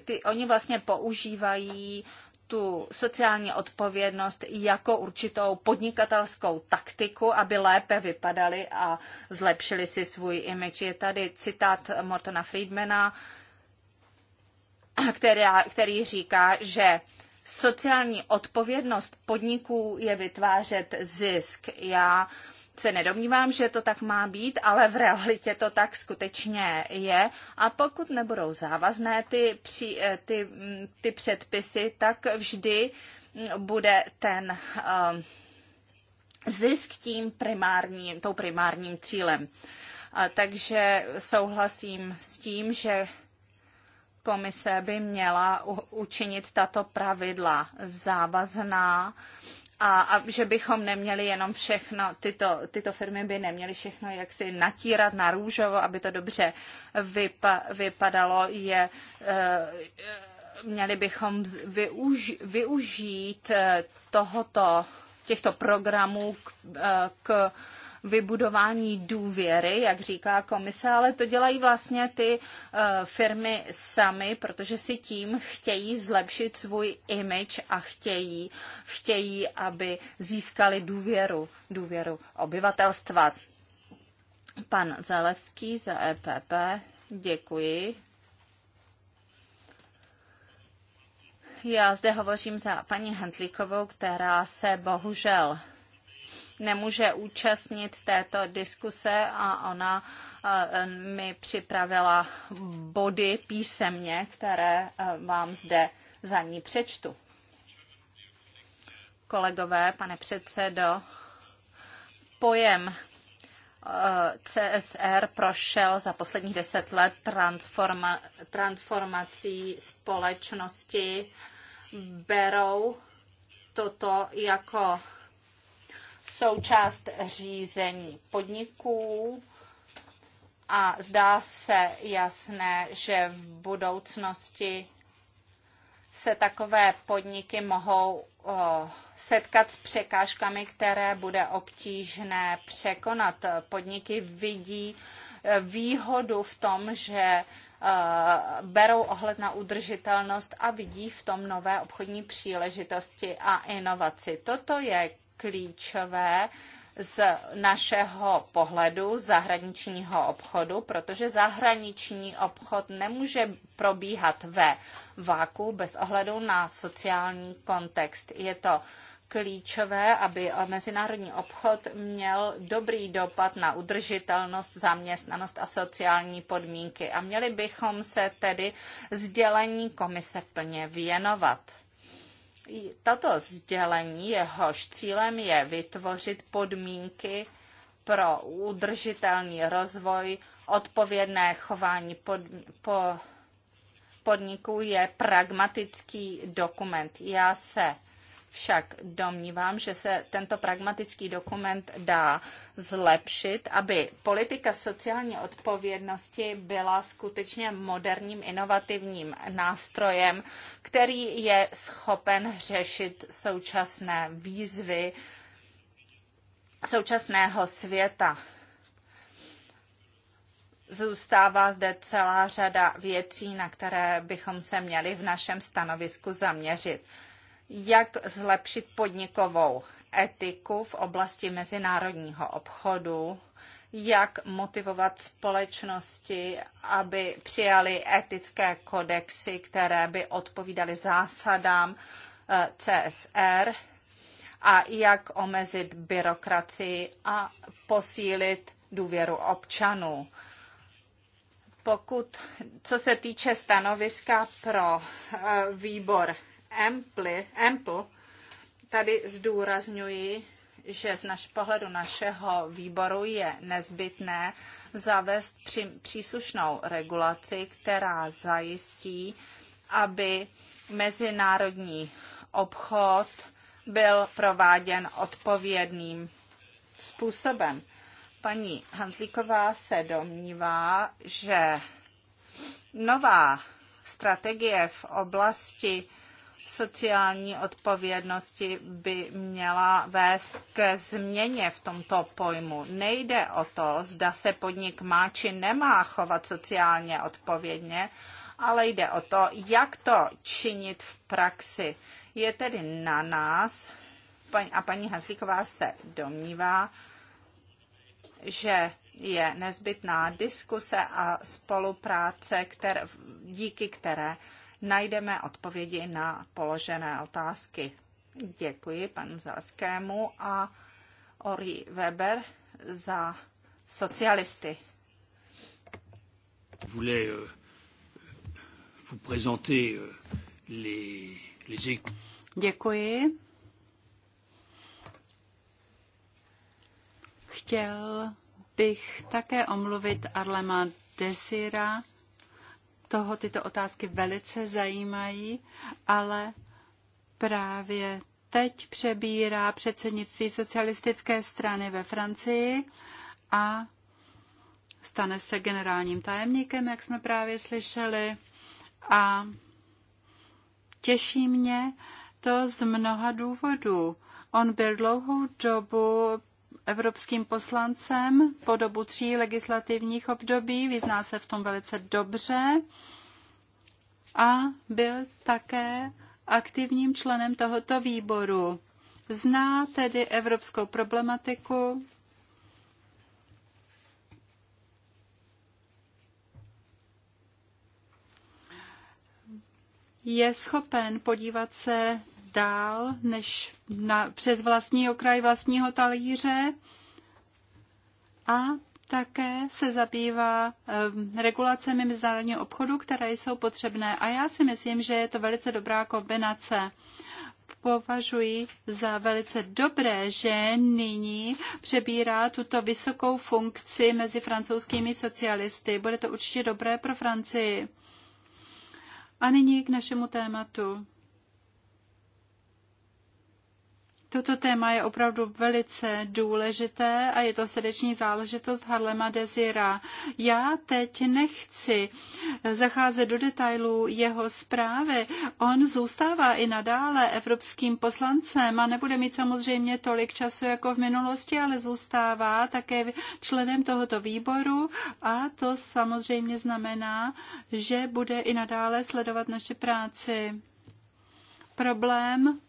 Ty, oni vlastně používají tu sociální odpovědnost jako určitou podnikatelskou taktiku, aby lépe vypadali a zlepšili si svůj image. Je tady citát Mortona Friedmana, která, který říká, že uh, Sociální odpovědnost podniků je vytvářet zisk. Já se nedomnívám, že to tak má být, ale v realitě to tak skutečně je. A pokud nebudou závazné ty, při, eh, ty, mm, ty předpisy, tak vždy bude ten eh, zisk tím primárním, tou primárním cílem. A takže souhlasím s tím, že komise by měla učinit tato pravidla závazná a, a že bychom neměli jenom všechno, tyto, tyto firmy by neměly všechno jaksi natírat na růžovo, aby to dobře vypa, vypadalo, je, eh, měli bychom využ, využít eh, tohoto, těchto programů k, eh, k vybudování důvěry, jak říká komise, ale to dělají vlastně ty eh, firmy sami, protože si tím chtějí zlepšit svůj image a chtějí, chtějí aby získali důvěru, důvěru obyvatelstva. Pan Zalevský za EPP, děkuji. Já zde hovořím za paní Handlíkovou, která se bohužel nemůže účastnit této diskuse a ona eh, mi připravila body písemně, které eh, vám zde za ní přečtu. Kolegové, pane předsedo, pojem eh, CSR prošel za posledních deset let transforma- transformací společnosti, berou toto jako součást řízení podniků a zdá se jasné, že v budoucnosti se takové podniky mohou eh, setkat s překážkami, které bude obtížné překonat. Podniky vidí eh, výhodu v tom, že eh, berou ohled na udržitelnost a vidí v tom nové obchodní příležitosti a inovaci. Toto je klíčové z našeho pohledu zahraničního obchodu, protože zahraniční obchod nemůže probíhat ve váku bez ohledu na sociální kontext. Je to klíčové, aby mezinárodní obchod měl dobrý dopad na udržitelnost, zaměstnanost a sociální podmínky. A měli bychom se tedy sdělení komise plně věnovat. Toto sdělení, jehož cílem je vytvořit podmínky pro udržitelný rozvoj, odpovědné chování pod, po, podniků, je pragmatický dokument. Já se však domnívám, že se tento pragmatický dokument dá zlepšit, aby politika sociální odpovědnosti byla skutečně moderním, inovativním nástrojem, který je schopen řešit současné výzvy současného světa. Zůstává zde celá řada věcí, na které bychom se měli v našem stanovisku zaměřit jak zlepšit podnikovou etiku v oblasti mezinárodního obchodu, jak motivovat společnosti, aby přijali etické kodexy, které by odpovídaly zásadám eh, CSR a jak omezit byrokracii a posílit důvěru občanů. Pokud, co se týče stanoviska pro eh, výbor Ampli, Ample, tady zdůrazňuji, že z naš, pohledu našeho výboru je nezbytné zavést při, příslušnou regulaci, která zajistí, aby mezinárodní obchod byl prováděn odpovědným způsobem. Paní Hanzlíková se domnívá, že nová strategie v oblasti sociální odpovědnosti by měla vést ke změně v tomto pojmu. Nejde o to, zda se podnik má či nemá chovat sociálně odpovědně, ale jde o to, jak to činit v praxi. Je tedy na nás, a paní Haslíková se domnívá, že je nezbytná diskuse a spolupráce, které, díky které najdeme odpovědi na položené otázky. Děkuji panu Zelskému a Ori Weber za socialisty. Voulais euh, vous présenter euh, les, les... Děkuji. Chtěl bych také omluvit Arlema Desira, toho tyto otázky velice zajímají, ale právě teď přebírá předsednictví socialistické strany ve Francii a stane se generálním tajemníkem, jak jsme právě slyšeli. A těší mě to z mnoha důvodů. On byl dlouhou dobu evropským poslancem po dobu tří legislativních období, vyzná se v tom velice dobře a byl také aktivním členem tohoto výboru. Zná tedy evropskou problematiku, je schopen podívat se dál než na, přes vlastní okraj vlastního talíře a také se zabývá regulacemi mezinárodního obchodu, které jsou potřebné. A já si myslím, že je to velice dobrá kombinace považuji za velice dobré, že nyní přebírá tuto vysokou funkci mezi francouzskými socialisty. Bude to určitě dobré pro Francii. A nyní k našemu tématu. Toto téma je opravdu velice důležité a je to srdeční záležitost Harlema Desira. Já teď nechci zacházet do detailů jeho zprávy. On zůstává i nadále evropským poslancem a nebude mít samozřejmě tolik času jako v minulosti, ale zůstává také členem tohoto výboru a to samozřejmě znamená, že bude i nadále sledovat naše práci. Problém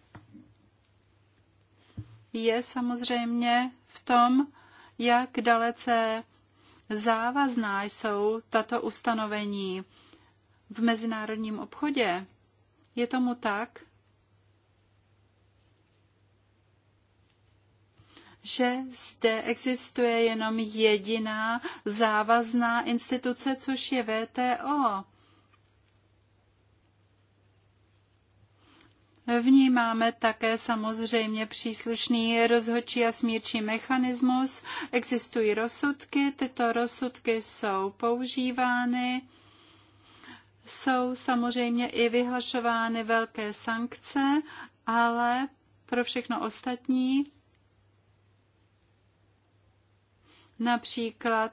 je samozřejmě v tom, jak dalece závazná jsou tato ustanovení v mezinárodním obchodě. Je tomu tak, že zde existuje jenom jediná závazná instituce, což je VTO. Vnímáme také samozřejmě příslušný rozhodčí a smírčí mechanismus. Existují rozsudky, tyto rozsudky jsou používány. Jsou samozřejmě i vyhlašovány velké sankce, ale pro všechno ostatní, například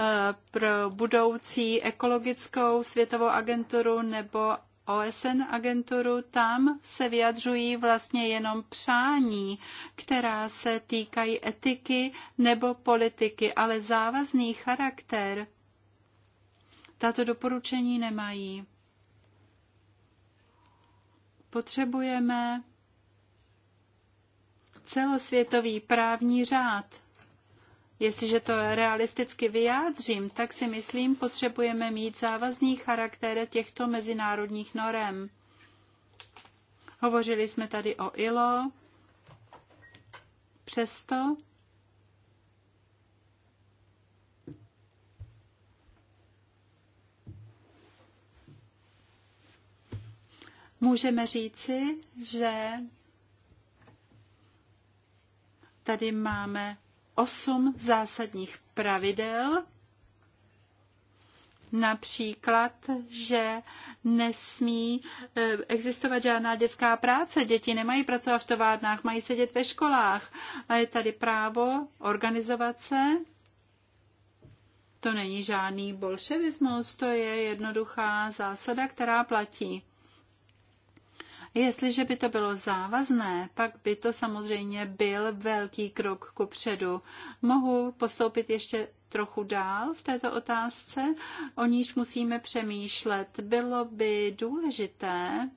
eh, pro budoucí ekologickou světovou agenturu nebo OSN agenturu, tam se vyjadřují vlastně jenom přání, která se týkají etiky nebo politiky, ale závazný charakter tato doporučení nemají. Potřebujeme celosvětový právní řád, Jestliže to realisticky vyjádřím, tak si myslím, potřebujeme mít závazný charakter těchto mezinárodních norem. Hovořili jsme tady o ILO, přesto můžeme říci, že tady máme osm zásadních pravidel, Například, že nesmí e, existovat žádná dětská práce. Děti nemají pracovat v továrnách, mají sedět ve školách. A je tady právo organizovat se. To není žádný bolševismus, to je jednoduchá zásada, která platí. Jestliže by to bylo závazné, pak by to samozřejmě byl velký krok ku předu. Mohu postoupit ještě trochu dál v této otázce, o níž musíme přemýšlet. Bylo by důležité,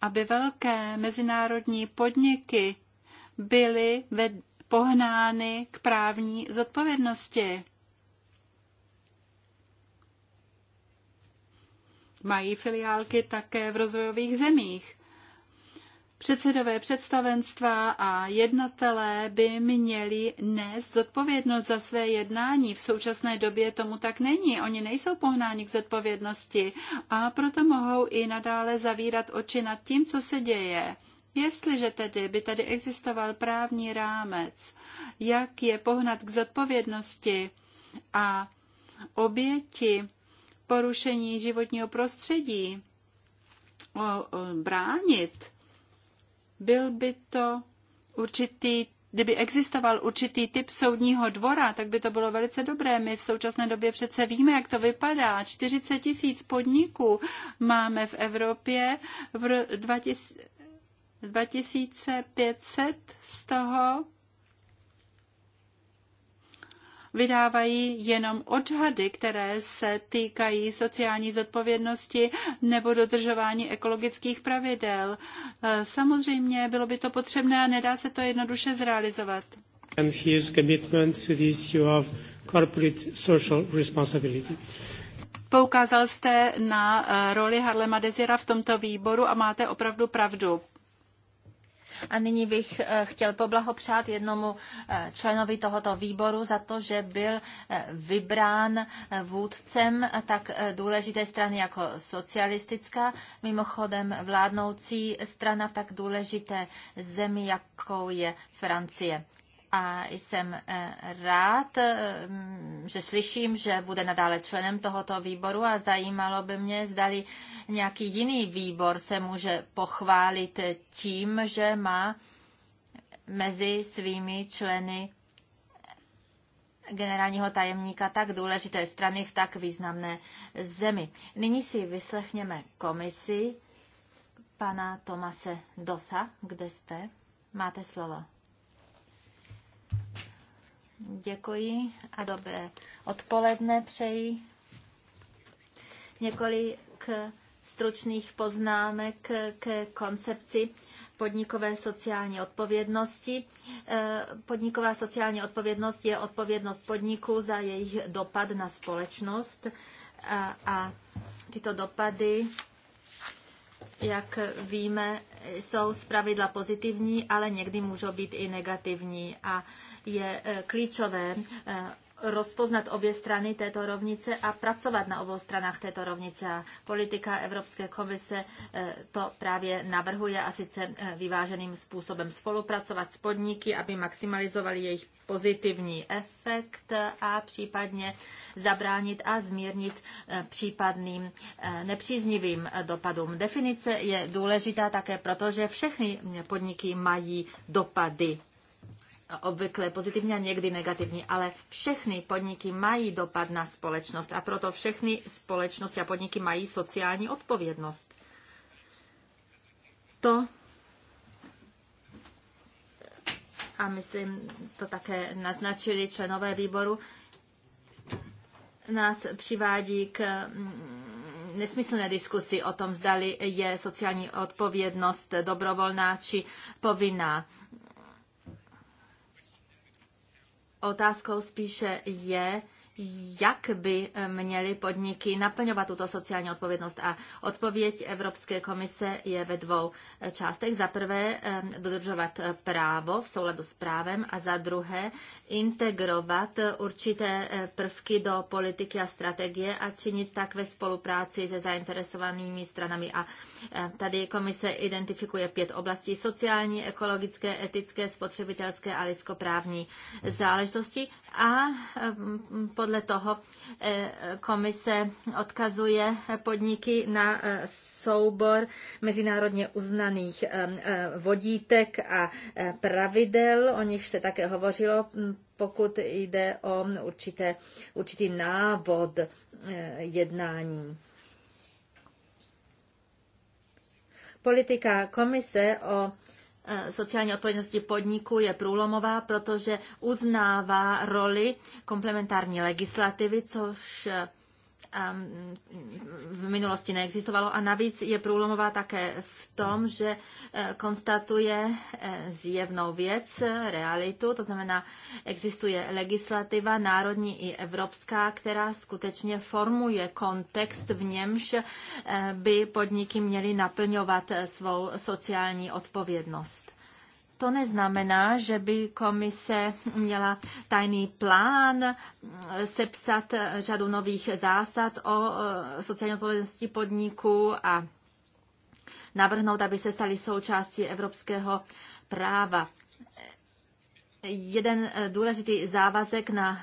aby velké mezinárodní podniky byly ve pohnány k právní zodpovědnosti. Mají filiálky také v rozvojových zemích. Předsedové představenstva a jednatelé by měli nést zodpovědnost za své jednání. V současné době tomu tak není. Oni nejsou pohnáni k zodpovědnosti a proto mohou i nadále zavírat oči nad tím, co se děje. Jestliže tedy by tady existoval právní rámec, jak je pohnat k zodpovědnosti a oběti porušení životního prostředí o, o, bránit, byl by to určitý kdyby existoval určitý typ soudního dvora, tak by to bylo velice dobré. My v současné době přece víme, jak to vypadá. 40 tisíc podniků máme v Evropě, v 2500 z toho vydávají jenom odhady, které se týkají sociální zodpovědnosti nebo dodržování ekologických pravidel. Eh, samozřejmě bylo by to potřebné a nedá se to jednoduše zrealizovat. Poukázal jste na eh, roli Harlema Desira v tomto výboru a máte opravdu pravdu. A nyní bych eh, chtěl poblahopřát jednomu eh, členovi tohoto výboru za to, že byl eh, vybrán vůdcem tak důležité strany jako socialistická, mimochodem vládnoucí strana v tak důležité zemi, jakou je Francie a jsem eh, rád, eh, mm, že slyším, že bude nadále členem tohoto výboru a zajímalo by mě, zdali nějaký jiný výbor se může pochválit tím, že má mezi svými členy generálního tajemníka tak důležité strany v tak významné zemi. Nyní si vyslechněme komisi pana Tomase Dosa. Kde jste? Máte slovo. Děkuji a dobré odpoledne přeji. Několik stručných poznámek k koncepci podnikové sociální odpovědnosti. Eh, podniková sociální odpovědnost je odpovědnost podniků za jejich dopad na společnost a, a tyto dopady jak víme, jsou zpravidla pozitivní, ale někdy můžou být i negativní a je eh, klíčové eh, rozpoznat obě strany této rovnice a pracovat na obou stranách této rovnice. A politika Evropské komise eh, to právě navrhuje a sice eh, vyváženým způsobem spolupracovat s podniky, aby maximalizovali jejich pozitivní efekt a případně zabránit a zmírnit eh, případným nepříznivým dopadům. Definice je důležitá také proto, že všechny podniky mají dopady obvykle pozitivní a někdy negativní, ale všechny podniky mají dopad na společnost a proto všechny společnosti a podniky mají sociální odpovědnost. To a myslím, to také naznačili členové výboru, nás přivádí k mm, nesmyslné diskusi o tom, zdali je sociální odpovědnost dobrovolná či povinná otázkou spíše je, jak by eh, měly podniky naplňovat tuto sociální odpovědnost. A odpověď Evropské komise je ve dvou eh, částech. Za prvé eh, dodržovat právo v souladu s právem a za druhé integrovat určité prvky do politiky a strategie a činit tak ve spolupráci se zainteresovanými stranami. A tady komise identifikuje pět oblastí sociální, ekologické, etické, spotřebitelské a lidskoprávní záležitosti a mm, podle toho e, komise odkazuje podniky na e, soubor mezinárodně uznaných e, vodítek a pravidel, o nich se také hovořilo, pokud jde o určité, určitý návod jednání. Politika komise o Eh, sociální odpovědnosti podniku je průlomová, protože uznává roli komplementární legislativy, což eh, Mm, v minulosti neexistovalo. A navíc je průlomová také v tom, že e, konstatuje e, zjevnou věc, e, realitu, to znamená, existuje legislativa národní i evropská, která skutečně formuje kontext, v němž by podniky měly naplňovat svou sociální odpovědnost. To neznamená, že by komise měla tajný plán eh, sepsat eh, řadu nových zásad o eh, sociální odpovědnosti podniku a navrhnout, aby se staly součástí evropského práva jeden důležitý závazek na,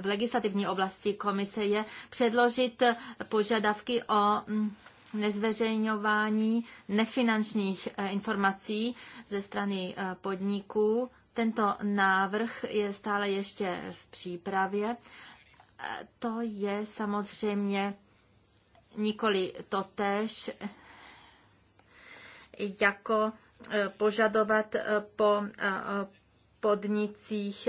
v legislativní oblasti komise je předložit požadavky o mm, nezveřejňování nefinančních eh, informací ze strany eh, podniků. Tento návrh je stále ještě v přípravě. Eh, to je samozřejmě nikoli totéž jako požadovat po podnicích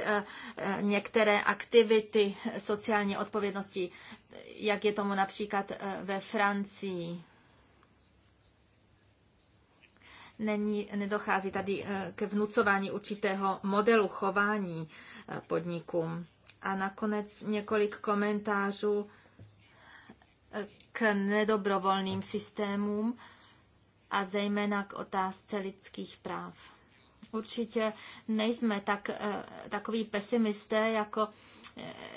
některé aktivity sociální odpovědnosti, jak je tomu například ve Francii není, nedochází tady eh, k vnucování určitého modelu chování eh, podnikům. A nakonec několik komentářů eh, k nedobrovolným systémům a zejména k otázce lidských práv. Určitě nejsme tak, takový pesimisté jako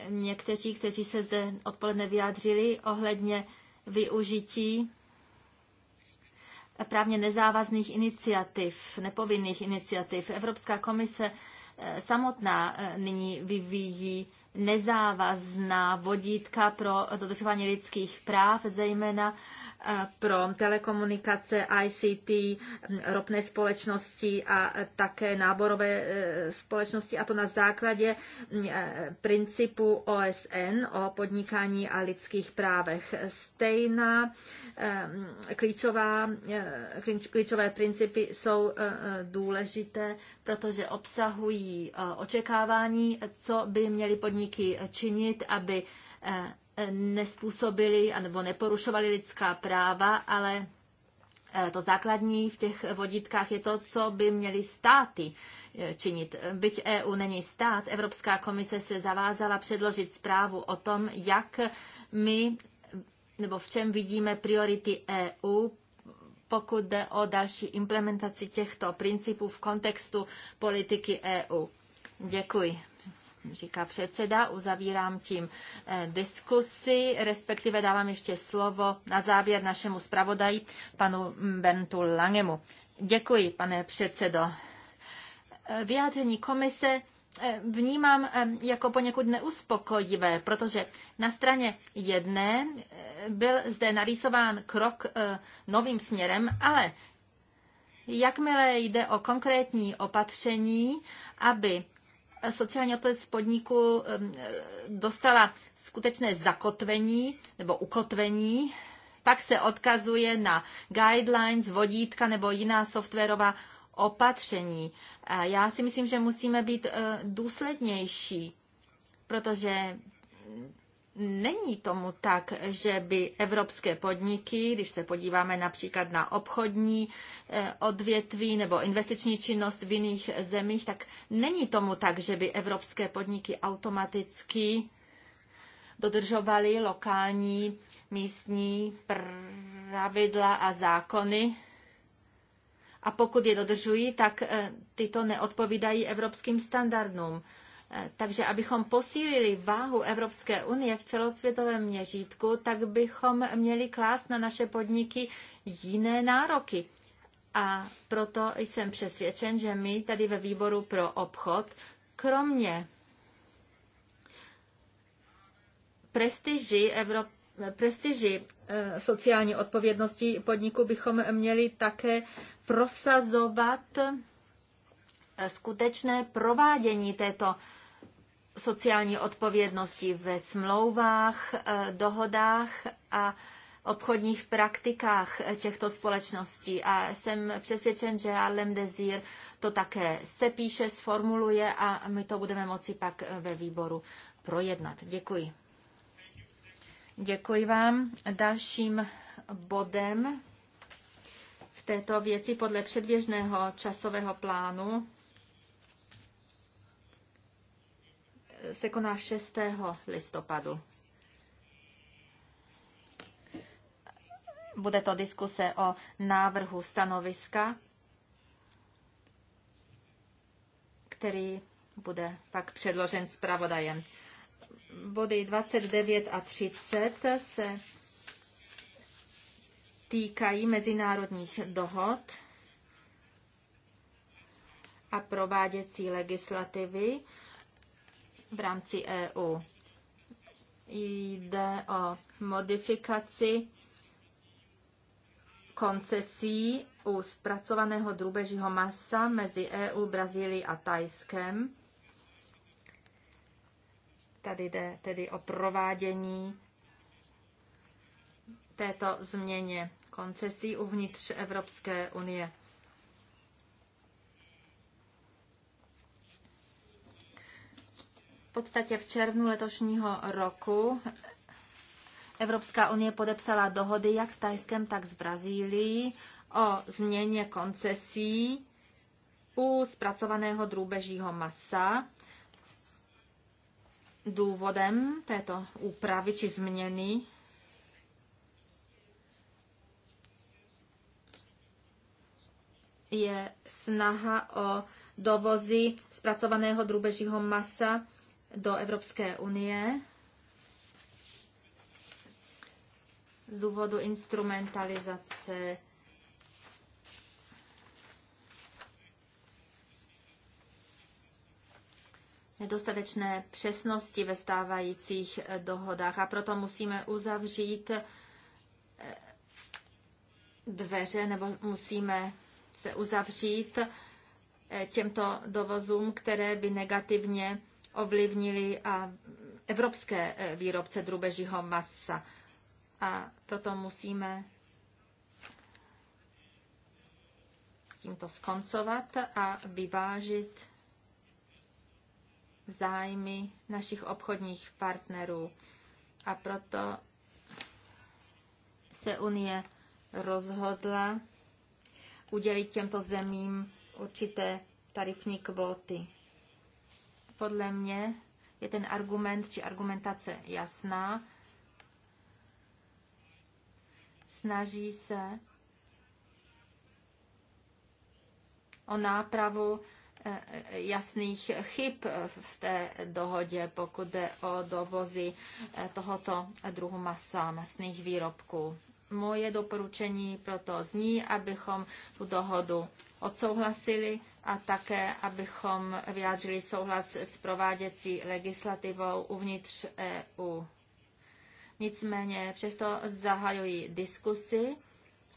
někteří, kteří se zde odpoledne vyjádřili ohledně využití právně nezávazných iniciativ, nepovinných iniciativ. Evropská komise eh, samotná eh, nyní vyvíjí nezávazná vodítka pro dodržování lidských práv, zejména eh, pro telekomunikace, ICT, ropné společnosti a eh, také náborové eh, společnosti, a to na základě mm, principu OSN o podnikání a lidských právech. Stejná klíčová, klíčové principy jsou důležité, protože obsahují očekávání, co by měli podnikat podniky činit, aby eh, nespůsobili nebo neporušovali lidská práva, ale eh, to základní v těch vodítkách je to, co by měly státy eh, činit. Byť EU není stát, Evropská komise se zavázala předložit zprávu o tom, jak my nebo v čem vidíme priority EU pokud jde o další implementaci těchto principů v kontextu politiky EU. Děkuji říká předseda. Uzavírám tím eh, diskusi, respektive dávám ještě slovo na závěr našemu zpravodaji, panu Bentu Langemu. Děkuji, pane předsedo. Eh, vyjádření komise eh, vnímám jako poněkud neuspokojivé, protože na straně jedné byl zde narýsován krok novým směrem, ale jakmile jde o konkrétní opatření, aby sociální odpovědnost podniku eh, dostala skutečné zakotvení nebo ukotvení, pak se odkazuje na guidelines, vodítka nebo jiná softwarová opatření. Já si myslím, že musíme být eh, důslednější, protože Není tomu tak, že by evropské podniky, když se podíváme například na obchodní eh, odvětví nebo investiční činnost v jiných zemích, tak není tomu tak, že by evropské podniky automaticky dodržovaly lokální místní pravidla a zákony. A pokud je dodržují, tak eh, tyto neodpovídají evropským standardům. Eh, takže abychom posílili váhu Evropské unie v celosvětovém měřítku, tak bychom měli klást na naše podniky jiné nároky. A proto jsem přesvědčen, že my tady ve výboru pro obchod, kromě prestiži Evrop- prestiži eh, sociální odpovědnosti podniku bychom měli také prosazovat eh, skutečné provádění této sociální odpovědnosti ve smlouvách, eh, dohodách a obchodních praktikách těchto společností. A jsem přesvědčen, že Alem Desir to také sepíše, sformuluje a my to budeme moci pak ve výboru projednat. Děkuji. Děkuji vám. Dalším bodem v této věci podle předběžného časového plánu se koná 6. listopadu. Bude to diskuse o návrhu stanoviska, který bude pak předložen zpravodajem. Body 29 a 30 se týkají mezinárodních dohod a prováděcí legislativy v rámci EU. Jde o modifikaci koncesí u zpracovaného drůbežího masa mezi EU, Brazílií a Tajskem. Tady jde tedy o provádění této změně koncesí uvnitř Evropské unie. podstatě v červnu letošního roku Evropská unie podepsala dohody jak s Tajskem, tak s Brazílií o změně koncesí u zpracovaného drůbežího masa. Důvodem této úpravy či změny je snaha o dovozy zpracovaného drůbežího masa do Evropské unie z důvodu instrumentalizace nedostatečné přesnosti ve stávajících eh, dohodách a proto musíme uzavřít eh, dveře nebo musíme se uzavřít eh, těmto dovozům, které by negativně ovlivnili a evropské eh, výrobce drubežího masa. A proto musíme s tímto skoncovat a vyvážit zájmy našich obchodních partnerů. A proto se Unie rozhodla udělit těmto zemím určité tarifní kvóty. Podle mě je ten argument či argumentace jasná. Snaží se o nápravu eh, eh, jasných chyb v té dohodě, pokud jde o dovozy eh, tohoto druhu masa, masných výrobků. Moje doporučení proto zní, abychom tu dohodu odsouhlasili a také, abychom vyjádřili souhlas s prováděcí legislativou uvnitř EU. Nicméně přesto zahajuji diskusy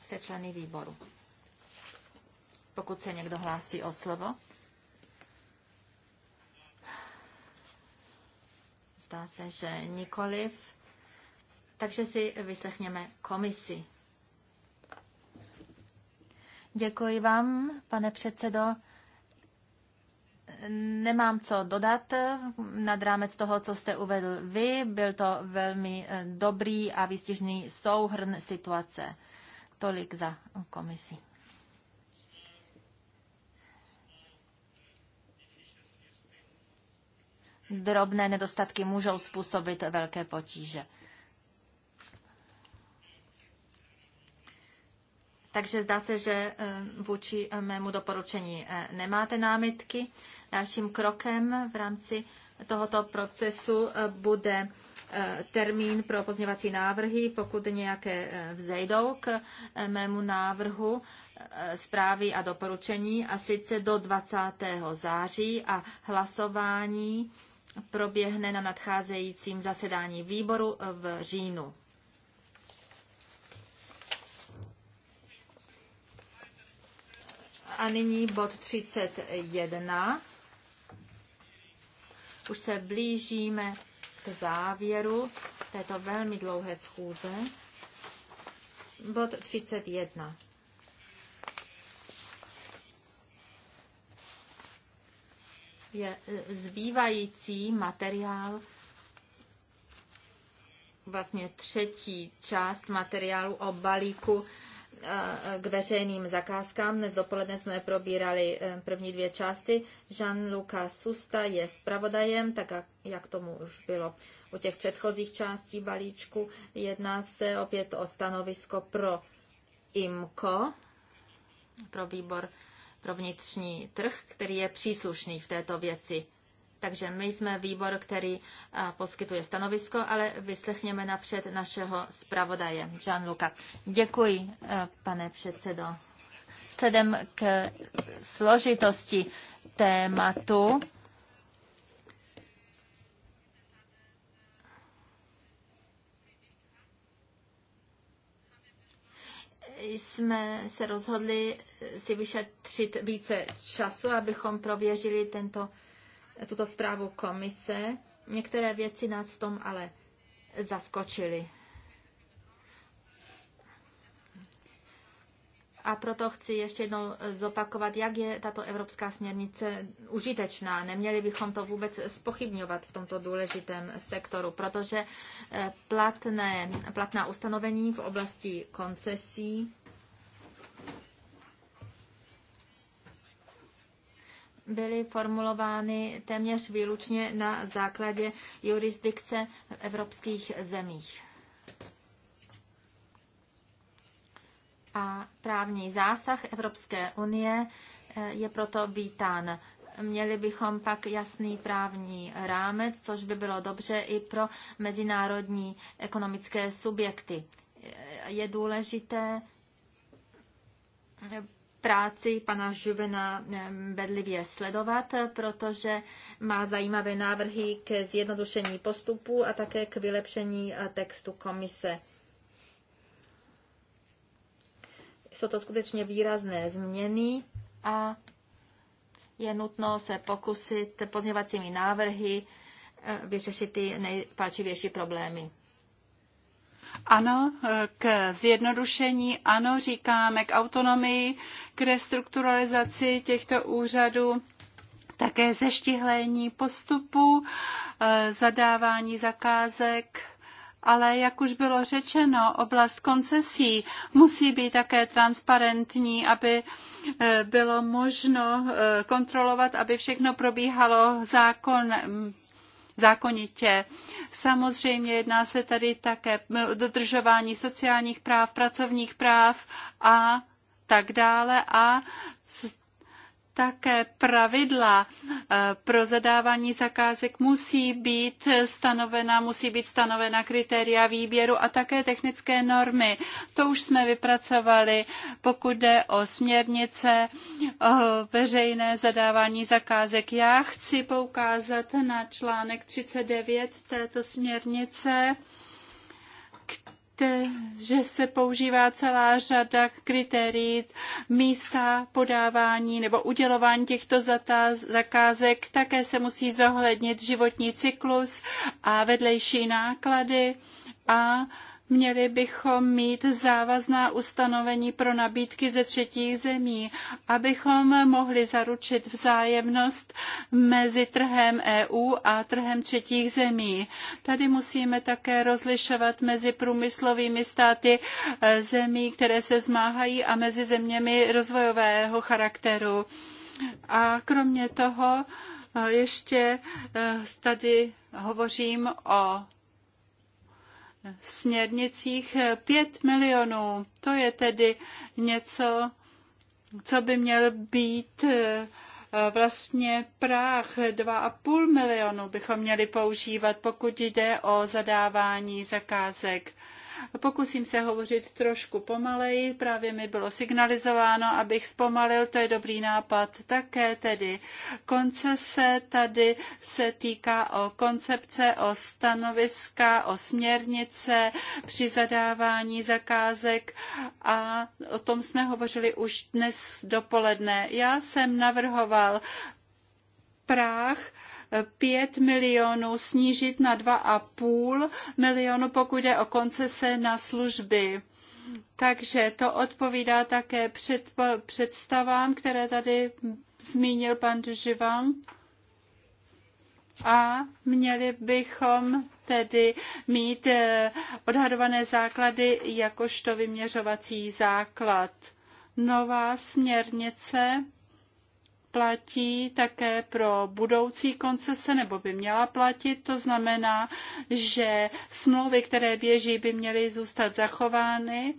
se členy výboru. Pokud se někdo hlásí o slovo. Zdá se, že nikoliv. Takže si vyslechněme komisi. Děkuji vám, pane předsedo nemám co dodat nad rámec toho, co jste uvedl vy. Byl to velmi eh, dobrý a výstižný souhrn situace. Tolik za komisi. Drobné nedostatky můžou způsobit velké potíže. Takže zdá se, že eh, vůči eh, mému doporučení nemáte námitky. Dalším krokem v rámci tohoto procesu eh, bude eh, termín pro pozněvací návrhy, pokud nějaké eh, vzejdou k mému návrhu zprávy a doporučení, a sice do 20. září a hlasování proběhne na nadcházejícím zasedání výboru v říjnu. A nyní bod 31 už se blížíme k závěru této velmi dlouhé schůze. Bod 31. Je e, zbývající materiál, vlastně třetí část materiálu o balíku k veřejným zakázkám. Dnes dopoledne jsme probírali e, první dvě části. Jean-Luca Susta je zpravodajem, tak jak tomu už bylo u těch předchozích částí balíčku. Jedná se opět o stanovisko pro IMCO, pro výbor pro vnitřní trh, který je příslušný v této věci. Takže my jsme výbor, který eh, poskytuje stanovisko, ale vyslechněme napřed našeho zpravodaje, Jean-Luca. Děkuji, eh, pane předsedo. Sledem k složitosti tématu. jsme se rozhodli si vyšetřit více času, abychom prověřili tento tuto zprávu komise. Některé věci nás v tom ale zaskočily. A proto chci ještě jednou zopakovat, jak je tato evropská směrnice užitečná. Neměli bychom to vůbec spochybňovat v tomto důležitém sektoru, protože eh, platné, platná ustanovení v oblasti koncesí byly formulovány téměř výlučně na základě jurisdikce v evropských zemích. A právní zásah Evropské unie eh, je proto vítán. Měli bychom pak jasný právní rámec, což by bylo dobře i pro mezinárodní ekonomické subjekty. Je důležité práci pana Žuvena bedlivě sledovat, protože má zajímavé návrhy k zjednodušení postupu a také k vylepšení eh, textu komise. Jsou to skutečně výrazné změny a je nutno se pokusit pozměvacími návrhy eh, vyřešit ty nejpalčivější problémy. Ano, k zjednodušení, ano, říkáme k autonomii, k restrukturalizaci těchto úřadů, také zeštihlení postupu, eh, zadávání zakázek, ale jak už bylo řečeno, oblast koncesí musí být také transparentní, aby eh, bylo možno eh, kontrolovat, aby všechno probíhalo zákon zákonitě. Samozřejmě jedná se tady také dodržování sociálních práv, pracovních práv a tak dále a také pravidla eh, pro zadávání zakázek musí být stanovena, musí být stanovena kritéria výběru a také technické normy. To už jsme vypracovali, pokud jde o směrnice, o eh, veřejné zadávání zakázek. Já chci poukázat na článek 39 této směrnice Víte, že se používá celá řada kritérií místa podávání nebo udělování těchto zakázek. Také se musí zohlednit životní cyklus a vedlejší náklady a Měli bychom mít závazná ustanovení pro nabídky ze třetích zemí, abychom mohli zaručit vzájemnost mezi trhem EU a trhem třetích zemí. Tady musíme také rozlišovat mezi průmyslovými státy e, zemí, které se zmáhají a mezi zeměmi rozvojového charakteru. A kromě toho e, ještě e, tady hovořím o směrnicích 5 eh, milionů. To je tedy něco, co by měl být eh, vlastně práh 2,5 milionu bychom měli používat, pokud jde o zadávání zakázek. Pokusím se hovořit trošku pomaleji, právě mi bylo signalizováno, abych zpomalil, to je dobrý nápad také tedy. Koncese tady se týká o koncepce, o stanoviska, o směrnice při zadávání zakázek a o tom jsme hovořili už dnes dopoledne. Já jsem navrhoval práh 5 milionů snížit na 2,5 milionu, pokud jde o koncese na služby. Takže to odpovídá také před, představám, které tady zmínil pan Duživan. A měli bychom tedy mít eh, odhadované základy jakožto vyměřovací základ. Nová směrnice platí také pro budoucí koncese, nebo by měla platit. To znamená, že smlouvy, které běží, by měly zůstat zachovány.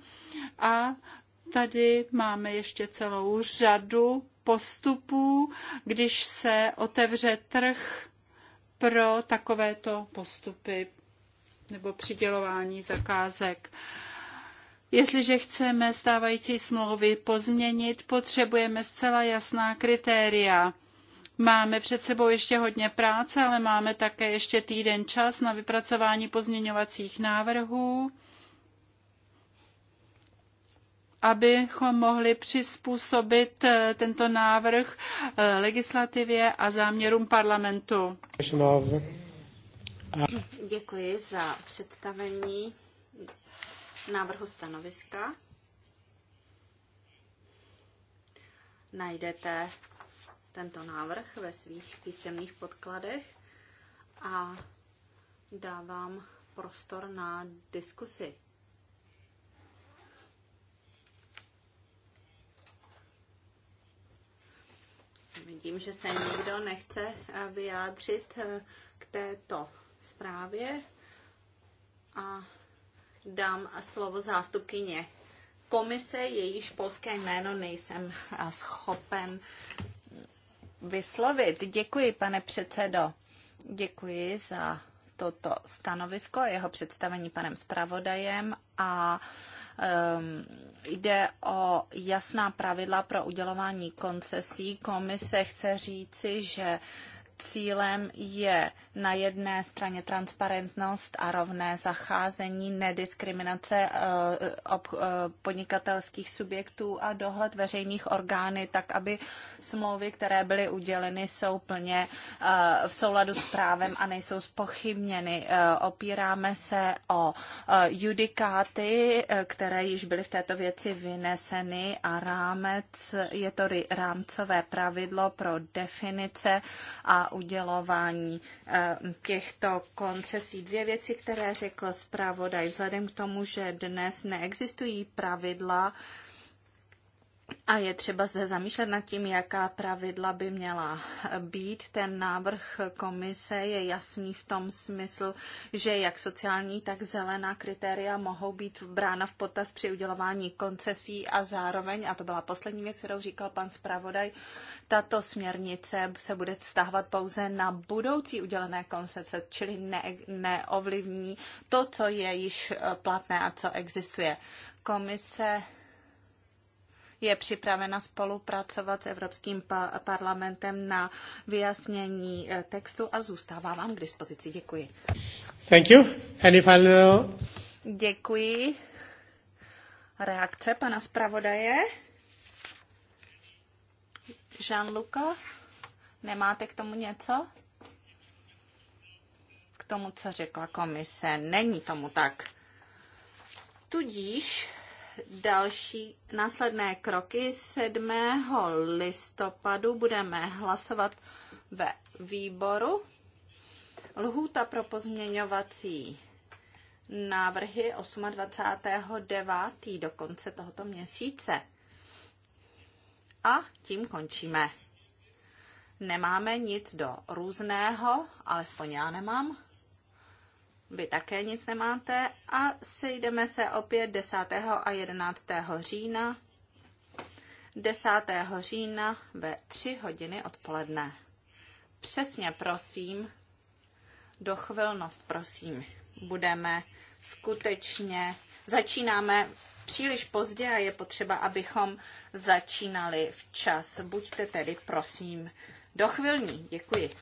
A tady máme ještě celou řadu postupů, když se otevře trh pro takovéto postupy nebo přidělování zakázek. Jestliže chceme stávající smlouvy pozměnit, potřebujeme zcela jasná kritéria. Máme před sebou ještě hodně práce, ale máme také ještě týden čas na vypracování pozměňovacích návrhů, abychom mohli přizpůsobit eh, tento návrh eh, legislativě a záměrům parlamentu. Děkuji za představení návrhu stanoviska najdete tento návrh ve svých písemných podkladech a dávám prostor na diskusi. Vidím, že se nikdo nechce eh, vyjádřit eh, k této zprávě a dám slovo zástupkyně komise, jejíž polské jméno nejsem eh, schopen vyslovit. Děkuji, pane předsedo. Děkuji za toto stanovisko, jeho představení panem zpravodajem a um, jde o jasná pravidla pro udělování koncesí. Komise chce říci, že cílem je na jedné straně transparentnost a rovné zacházení, nediskriminace eh, eh, podnikatelských subjektů a dohled veřejných orgány, tak aby smlouvy, které byly uděleny, jsou plně eh, v souladu s právem a nejsou spochybněny. Opíráme se o judikáty, které již byly v této věci vyneseny a rámec, je to rámcové pravidlo pro definice a udělování těchto koncesí. Dvě věci, které řekl zpravodaj, vzhledem k tomu, že dnes neexistují pravidla a je třeba se zamýšlet nad tím, jaká pravidla by měla být. Ten návrh komise je jasný v tom smyslu, že jak sociální, tak zelená kritéria mohou být brána v potaz při udělování koncesí a zároveň, a to byla poslední věc, kterou říkal pan zpravodaj, tato směrnice se bude stahovat pouze na budoucí udělené koncese, čili ne, neovlivní to, co je již platné a co existuje. Komise je připravena spolupracovat s Evropským parlamentem na vyjasnění eh, textu a zůstává vám k dispozici. Děkuji. Thank you. Any final... Děkuji. Reakce pana zpravodaje? Jean-Luca, nemáte k tomu něco? K tomu, co řekla komise. Není tomu tak. Tudíž další následné kroky. 7. listopadu budeme hlasovat ve výboru. Lhůta pro pozměňovací návrhy 28.9. do konce tohoto měsíce. A tím končíme. Nemáme nic do různého, alespoň já nemám vy také nic nemáte a sejdeme se opět 10. a 11. října 10. října ve 3 hodiny odpoledne. Přesně prosím, dochvilnost prosím. Budeme skutečně, začínáme příliš pozdě a je potřeba, abychom začínali včas. Buďte tedy prosím dochvilní. Děkuji.